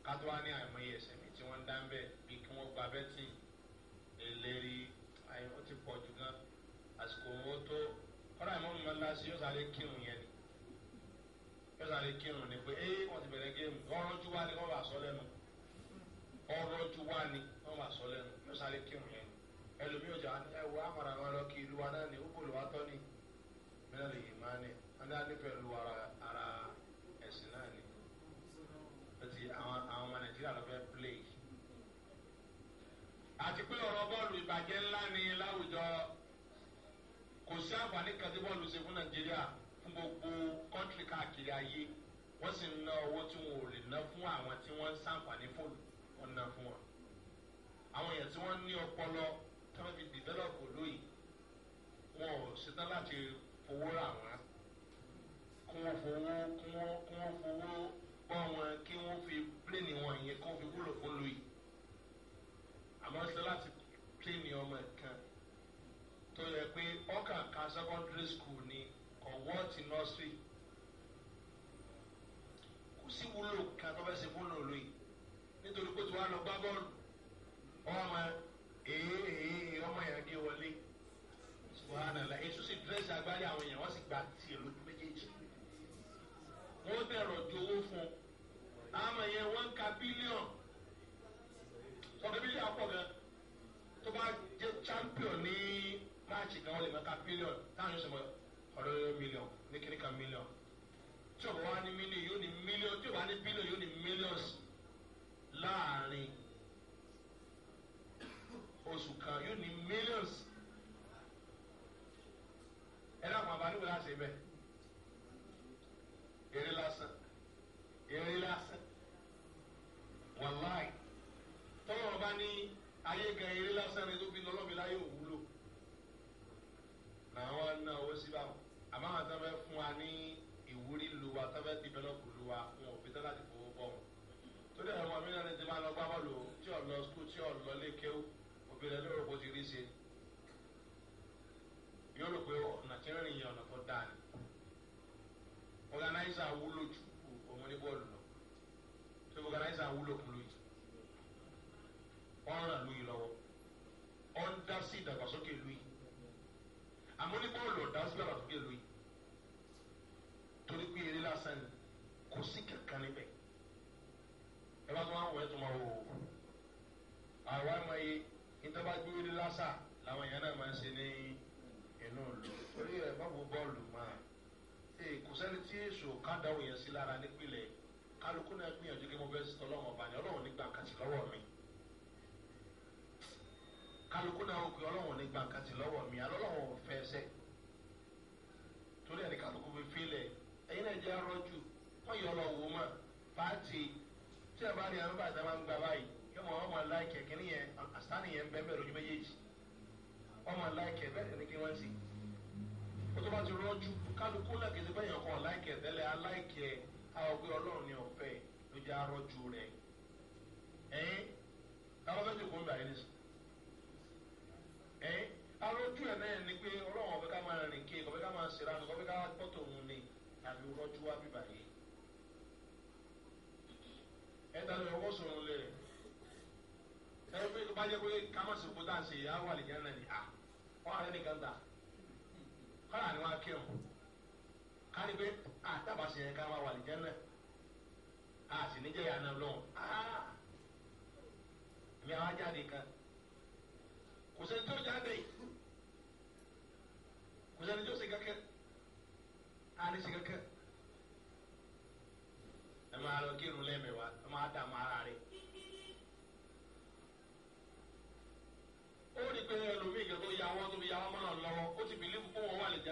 ká tó wá ní àìmọye ẹ̀sẹ̀ mi tí wọ́n ń dá ń bẹ̀ bí kí wọ́n gba bẹ́tìn eléri àìmọ́ ti pọ̀ jù gan àsìkò owó tó kọ́ra àìmọ́ mi máa ń yóò sáré kírun yẹn ni yóò sáré kírun ni pé ẹ́ wọ́n ti bẹ̀rẹ̀ géèmù ọ̀rọ̀ ju wá ni wọ́n bá sọ lẹ́nu ọ̀rọ̀ ju wá ni máa sọ lẹ́nu yóò sáré kírun yẹn ẹlòmíì ọjà ẹwọ amara wọn lọ kí ìlú wa náà ní ókòlù wa tọ́ ni mẹ́rin lè yè máa ní wọn dá nífẹ̀ẹ́ lu ara ara ẹ̀sìn náà ni àti àwọn ọmọ nàìjíríà lọ fẹ́ play. àti pé ọ̀rọ̀ bọ́ọ̀lù ìbàjẹ́ ńlá ni láwùjọ kò sí àǹfààní kan tí bọ́ọ̀lù ṣe fún nàìjíríà fún gbogbo kọ́ńtì káàkiri ayé wọ́n sì ń ná owó tí wọn ò lè ná fún àwọn tí wọ́n ń sàǹfààní fóònù wọ́n ń ná fún wọn àwọn èèyàn tí wọ́n ní ọpọlọ tí wọ́n fi dìvẹ́lọ́pù lóyìí wọn ò ṣetán láti fowó rà wọ́n kí wọ́n fowó kí wọ́n fowó bọ́ wọn kí wọ́n fi pléènì wọn yẹn kí fi wúlò fún lóyìí àmọ́ ṣe láti pléènì ọmọ kan tó yẹ pé ọkà ka secondary school ni ọ̀wọ́ ti nursery kò sí wúlò kan tó fẹ́ ṣe fún lòlóyìí nítorí pé tí wọ́n á lọ gbá bọ́ọ̀lù wọ́n mọ èyí èyí ọmọ yẹn dé wọlé wàhánà la èso sì dírẹ́sì agbárí àwọn èèyàn wọ́n sì gba tiẹ̀ lójú méjèèjì wọ́n bẹ̀rọ̀ ju owó fún un àmọ̀ yẹn wọ́n ń ka bílíọ̀n sọ̀tọ̀ bílíọ̀n pọ̀ gan tó bá jẹ́ champion ní máàcì gan wọ́n lè máa ka bílíọ̀n táwọn yóò sọ mọ́ ọ̀rọ̀ yóò mílíọ̀n ní kíní kan mílíọ̀n tí ọ̀bọ̀ wa ní mílíọ̀n yóò ní mílíọ̀n tí ọ̀bọ̀ wa ní bílíọ̀n yóò ní mílíọ̀n láàrin oṣù kan yóò ní millions ẹ dákun àbáníwò láti bẹ eré lásán eré lásán wàláì tọ́lọ́ ọba ní ayé gan eré lásán ni tó fi lọ lọ́mìnira yóò wúlò làwọn náà ó sì bá àmọ́ àwọn táwọn fún wa ní ìwúrí lu wa táwọn fẹ́ dìbẹ́lọ́pù lu wa wọn ò fi tán láti fowó bọ̀ wọn torí àwọn ọmọ mi náà ti máa lọ gbá bọ́ọ̀lù tí ò lọ skul tí ò lọ lé kéwù obìnrin ló rò bó ti rí ṣe yóò rò pé ọ̀nà tí ń rìn yẹn ọ̀nà tó dáa ni ọ̀gánáísà wúlò jù òun ní bọ́ọ̀lù lọ tó ọ̀gánáísà wúlò fún lóyún ọ̀ràn lóyún lọ́wọ́ ọ̀ ń dá sí ìdàgbàsókè lóyún àmọ́ ní bọ́ọ̀lù ọ̀dá sí ìdàgbàsókè lóyún torí pé eré lásán ni kò sí kankan níbẹ̀ ẹ bá tó máa ń wọ̀ ẹ́ tó wò ó àwa máa yẹ tọ́ba gbé ní lásà làwọn èèyàn náà máa ń ṣe ní inú ìlú torí ẹ̀ má wo bọ́ọ̀lù máa kò sẹ́ni tí èso ká dáwọ̀ yẹn sí lára nípìnlẹ̀ kálukú náà gbìyànjú kí mo fẹ́ sọ ọlọ́run ọba ni ọlọ́run nígbà kàtì lọ́wọ́ mi kálukú náà ó pe ọlọ́run nígbà kàtì lọ́wọ́ mi alọ́lọ́run ò fẹ́ ẹsẹ̀ torí ẹ̀ ní kálukú fi fílẹ̀ ẹ̀yin náà jẹ́ arọ́jù wọ́n yọ ọlọ́wọ́ mọ́ pàtì tí ẹ̀ bá rí arúgbó àti máa ń gbà báyìí. pé wọ́n máa láìkẹ̀ kí nìyẹn àsánì yẹn bẹ́ẹ̀ bẹ́ẹ̀ lójú méjèèjì wọ́n máa láìkẹ̀ ni tó bá ti rọ́jú ọjụ lẹ́kẹ̀ẹ́ bẹ́ẹ̀ yẹn kan láìkẹ̀ tẹ́lẹ̀ aláìkẹ̀ àwọ̀gbé ọlọ́run ní ọ̀fẹ́ ni pé ọlọ́run ọ̀fẹ́ ká máa rìn ni ẹ̀rọ pé bá jẹ́ pé ká má sòkò tá à ń ṣe ìyá wà lè jẹ́ náà ni à wọ́n àrẹ nìkan gbà kọ́là ni wọ́n á kírun ká ní pé àtàbàṣe yẹn ká má wà lè jẹ́ náà à sì ní jẹ́yà náà lọ́wọ́ àá mi àwọn ajáde kan kò sẹ́ni tó jáde kò sẹ́ni tó ṣe kankan àní ṣe kankan ẹ máa lọ kírun lẹ́mẹ̀wá ẹ máa dààmú ara rẹ̀.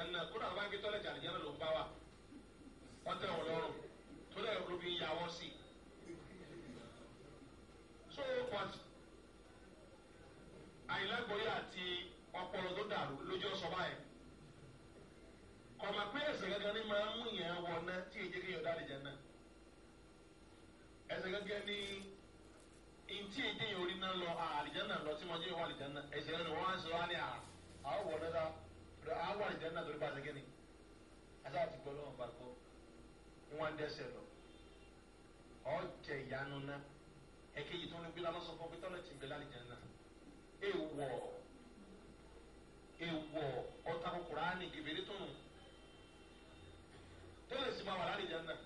àlìjáná kódà wọn bá gbé tọ́lẹ̀tì àlìjáná ló ń bá wa wọ́n tẹ̀ wọ́n lọ́rùn tó ya wọ́n sí. so but àyìnlágbọ́yé àti ọpọlọ tó dàrú lójú ọ̀sán báyìí kọ̀mà pé ẹ̀sẹ̀ ni máa ń mú yẹn wọ̀ ná tí èjì kéèyàn dá àlìjáná ẹ̀sẹ̀ gẹ́gẹ́ ni ntí èjì yẹn orí náà lọ àlìjáná lọ tí mo jẹ́ ìwọ àlìjáná ẹ̀sẹ̀ rẹ̀ ni wọ́n á ń sọ wá ní àwọ̀ náà rẹ̀ á wà nìjẹ́ náà torí bá a ṣe gé ni àti àti gbọ́ lọ́wọ́ bá gbọ́ ni wọ́n á dẹ́sẹ̀ lọ ọ̀jẹ̀ ìyanu náà ẹ̀kejì tó ń gbé lọ́sọ̀ fún pé tọ́lẹ̀ tì ń bẹ lálejò náà ewọ̀ ewọ̀ ọ̀tà kòkòrò á ní ìbèrè tó nù tọ́lẹ̀ sì máa wà lálejò náà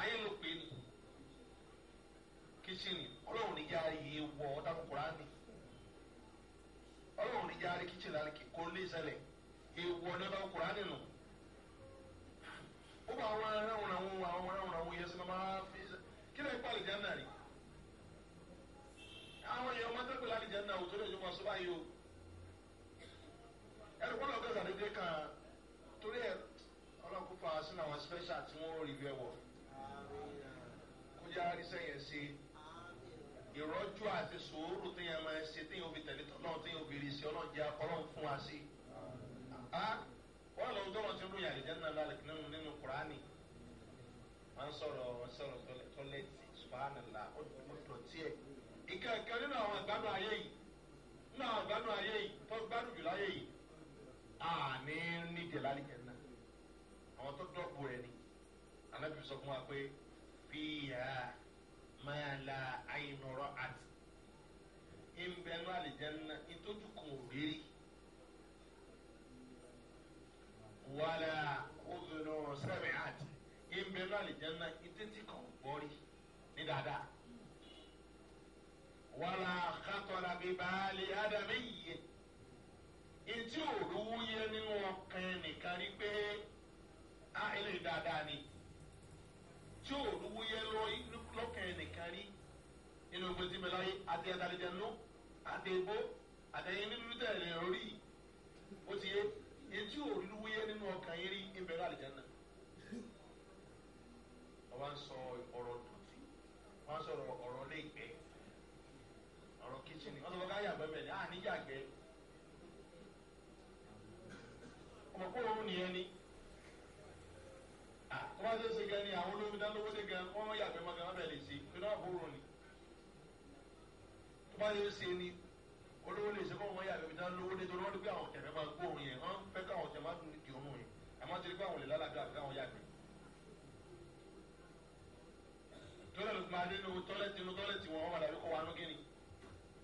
ayé ló pè é ni kìchìnì ọlọ́run níjà yìí wọ̀ kòkòrò á ọlọ́run níjà kìchìnì lárí kò lè sẹlẹ̀ èèwọ̀ nípa kùránì nù ó bá àwọn aráwọ̀n àwọn àwọn aráwọ̀n àwọn yẹn sọ́nà máa fi kí lóye pa àlìjá náà rí àwọn èèyàn máa tẹ́kọ̀ọ́ láàlìjá náà òtún lójú máa sọ báyìí o ẹ̀rù kọ́nà ọ̀gá ìsàdédé kan torí ẹ̀ ọlọ́kùn fa sínú àwọn special tí wọ́n rí bí ẹ̀wọ̀ kó yá arísẹ́ yẹn sí ìrọ́jú àti sòórù téèyàn máa ṣe téèyàn ó fi tẹ̀lé tọ́lọ́ téèyàn ó fi rí sí ọlọ́run jẹ́ akọ́lọ́run fún wa sí i wọ́n lọ dọ́rọ̀ tí olóyè àlìjáná lálẹ́ kí nínú nínú kùránì wọ́n sọ̀rọ̀ wọ́n sọ̀rọ̀ tọ́lẹ́tì subhanallah ó dọ̀ tiẹ̀. ìkẹ́kẹ́ nínú àwọn ìgbádùn ayé yìí nínú àwọn ìgbádùn ayé yìí tó gbádùn jù láyé yìí àní nídìí lálìjáná àwọn tó dọ̀pù rẹ̀ ni anábì sọ fún wa pé fìyà máa la àyìnrọ̀ àti ìbẹ̀nu àlìjáná ìtójú kan ò rí rí. wàlà ọdúnú sẹmi àti ìmìlẹ àlìjẹnà ìtẹtí kan gbọrí ní dáadáa wàlà kàtọ́lá bíbáàlì ádámẹ́ yìí etí òrówó yẹ nínú ọkàn nìkan rí pé á ilé dáadáa ni tí òrówó yẹ lọ́kàn nìkan rí inú gbèsè mi láyé àti àtàlẹ́jẹ̀ àti ebó àtẹ̀yìn nínú tẹ̀lé orí ó ti yé etí òrìrú yẹ nínú ọkàn yẹn rí ìbẹ̀rẹ̀ àlìjáná ọba ń sọ ọ̀rọ̀ dọ̀tí wọ́n sọ ọ̀rọ̀ lé ìgbẹ́ ọ̀rọ̀ kíchìnì ọlọ́wọ́ ká yàgbẹ́ bẹ́ẹ̀ ni à ní yàgbẹ́ ọmọ kó òun nìyẹn ni wọ́n á ṣe ṣe gan ni àwọn olómi dánlówó ṣe gan wọ́n yàgbẹ́ mọ́ gan wọ́n bẹ̀ lè ṣe pé náà bóró ni tó bá yẹ ṣe ni olówó lè ṣe kó wọ́n yàgbẹ́ mọ́ dánlówó nítorí wọ́n ti pé àwọn kẹ̀kẹ́ máa gbóòrùn yẹn hàn wọ́n ti rí pé àwọn olè lálàjọ àbí àwọn yàgbé. tọ́lá ló máa nínú tọ́lẹ́tì inú tọ́lẹ́tì wọn wọ́n máa dàbí kó wà nù kíni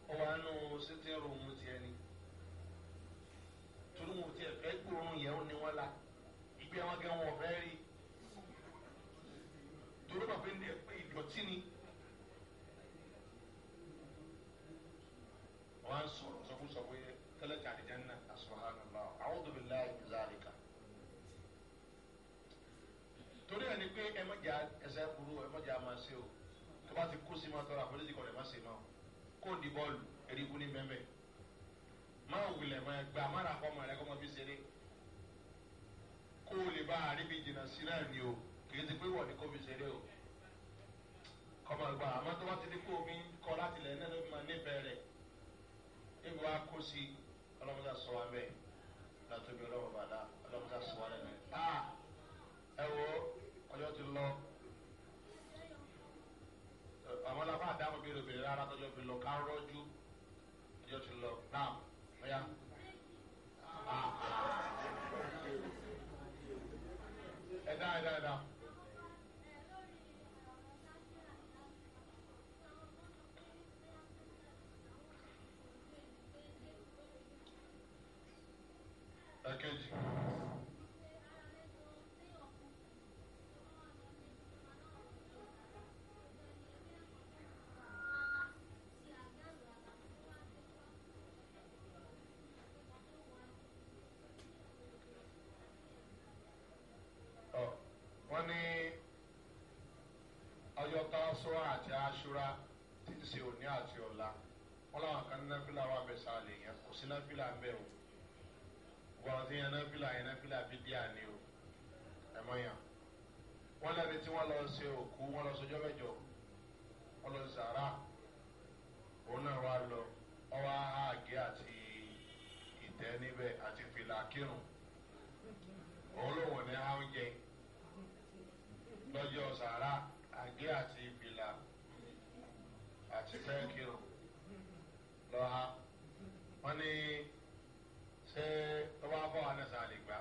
kó wà nù sítì rúmù tiẹ̀ ni. torí wọn ti ẹ̀fẹ́ gbòòrùn yẹn ó ní wọn la ìgbé wọn gẹ́ wọn ọ̀fẹ́ rí. torí wọn fi ní ìdọ̀tí ni. wọ́n sọ̀rọ̀. bá ti kú sí máa tọrọ àforíjì kọ̀ rẹ̀ má ṣe náà kó di bọ́ọ̀lù erigun ní bẹ́ẹ̀ máa wulẹ̀ máa gba mára fọmọ rẹ kọ́mọ fi ṣeré kó o lè bá àríbi jìnnà sí náà ni o kì í ti pé wọ̀ ni kó fi ṣeré o kọ́mọ gba àmọ́ tó bá ti di kó omi kọ́ láti lẹ̀ náà ló fi máa níbẹ̀ rẹ̀ ebi wa kó sí ọlọ́mọdé sọ wa bẹ́ẹ̀ látọ̀bí ọlọ́mọdé ọlọ́mọdé sọ wa lẹ́nu ah! ẹ wo ọjọ́ ti lọ àwọn làwọn àdámọ̀ bíi obìnrin rárá tọ́jọ́ fi lọ ká rọ́jú tọ́jọ́ ti lọ náà ọ̀yà. ẹ̀dá ẹ̀dá ẹ̀dá. àti aṣúra tí ń ṣe òní àti ọ̀la wọn làwọn kan náfìlà wà bẹ sá lè yẹn kò sí náfìlà ń bẹ o gbọ́dọ̀ tí yẹn náfìlà yẹn náfìlà bíbí àní o ẹ mọ yàn wọn lẹbi tí wọn lọ ṣe òkú wọn lọ sọjọ mẹjọ wọn lọ zàrà òun náà wà lọ ọwọ àgé àti ìtẹ níbẹ àti fìlà kírun òun lòun ní àwọn jẹ lọjọ zàrà àgé àti. Thank you. lọ́ha ha, ní ṣé tó bá bọ̀ wá nẹ́sà lè gbà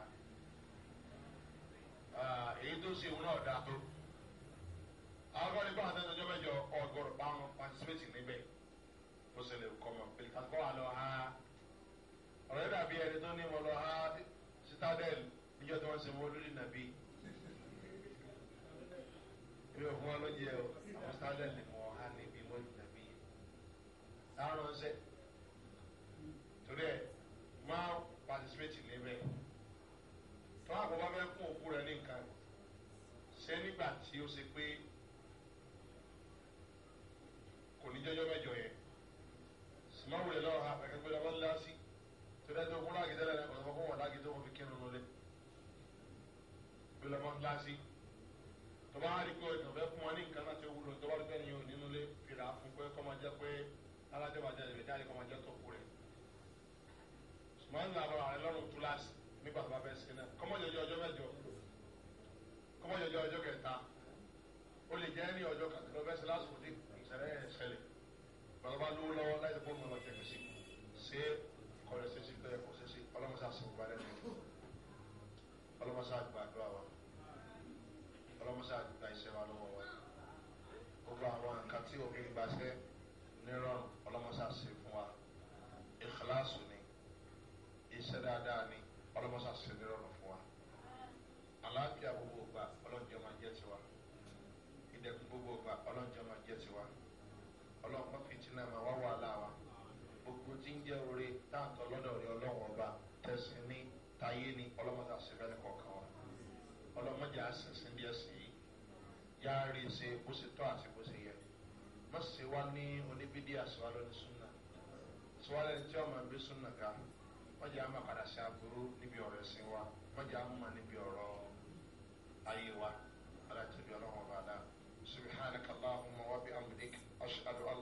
èyí tó ṣe òun náà dáa tó àwọn kan ní bá àtẹ́sẹ̀ ọjọ́ mẹ́jọ ọgọ́rùn báwọn participate níbẹ̀ bó ṣe lè kọ́ mọ́ pé kàkọ́ wà lọ́ha ọ̀rẹ́ dàbí ẹni tó ní wọn lọ́ha citadel níjọ́ tí wọ́n ṣe wọ́n lórí nàbí ilé òfin wọn ló jẹ ọ àwọn citadel ní láàárọ̀ ọ̀sẹ̀ torí ẹ̀ máa participate níbẹ̀ tó àkọ́kọ́ fẹ́ kún òkú rẹ̀ ní nǹkan ṣé nígbà tí ó ṣe pé kò ní jọjọ mẹjọ yẹn sùmọ́wò rẹ̀ lọ́wọ́ ha pẹ̀lú pé lọ́wọ́ ńlá sí tó dájú okun láàgì tẹ́lẹ̀ rẹ̀ kọ̀ọ̀kan fún wọn láàgì tó wọ́n fi kírun lólẹ̀ pé lọ́wọ́ ńlá sí tó bá rí pé ọ̀dọ̀ fẹ́ fún wọn ní nǹkan láti wúlò tó bá rí pé ẹ̀yìn ò nínú lé fìlà fún pé kọ́ máa jẹ́ pé alájọ bá jáde jáde kọ́ máa jẹ́ tó kú rẹ̀ ṣùgbọ́n ní àwọn àrẹ lọ́rùn túláàsì nígbà tó bá fẹ́ sí náà kọ́mọ́jọjọ ọjọ́ mẹ́jọ kọ́mọ́jọjọ ọjọ́ kẹta ó lè jẹ́ ní ọjọ́ kàtí lọ́fẹ́ sí lásìkò tí ìṣẹ̀lẹ̀ ṣẹlẹ̀ bàbá lówó lọ́wọ́ láti bọ́ mọ́ ọjọ́ kẹsì ṣé kọ́lẹ̀ ṣe sí pé kò ṣe sí ọlọ́mọṣá sọ̀rọ̀ bá lẹ́nu ọlọ́mọṣá gbàdúrà wa ọlọ́mọṣá gba iṣẹ́ wa lọ́wọ́ wa gbogbo àwọn nǹkan tí òfin gbàṣẹ́ nírọ̀rùn dáadáa ni ọlọ́mọsá sinmi rọrùn fún wa àlàáfíà gbogbo gbà ọlọ́njẹ́ máa jẹ́ tiwa ìdẹ̀kùn gbogbo gbà ọlọ́njẹ́ máa jẹ́ tiwa ọlọ́mọ fìtínà máa wá wàhálà wa gbogbo tí ń jẹ́ orí táàtọ̀ lọ́dọ̀ rí ọlọ́wọ́ ọba tẹ̀sìn ní tayé ni ọlọ́mọsá sinmi rẹ kọ̀ọ̀kan wa ọlọ́mọdé àṣìṣin díẹ̀ sí i yá rí ṣe bó ṣe tọ́ àti bó ṣe yẹ mọ̀ sí wa ní oníbídí àṣìwá lọ́ní súnà ṣíwájú tí ọmọ ẹbí súnà ga wọ́n jẹ́ àmà padà ṣe àbúrú níbi ọ̀rọ̀ ẹ̀sìn wa wọ́n jẹ́ àmà níbi ọ̀rọ̀ ayé wa aláàtúndì ọlọ́run ọba náà subhanaka allahumma wa bi amdik ashadu an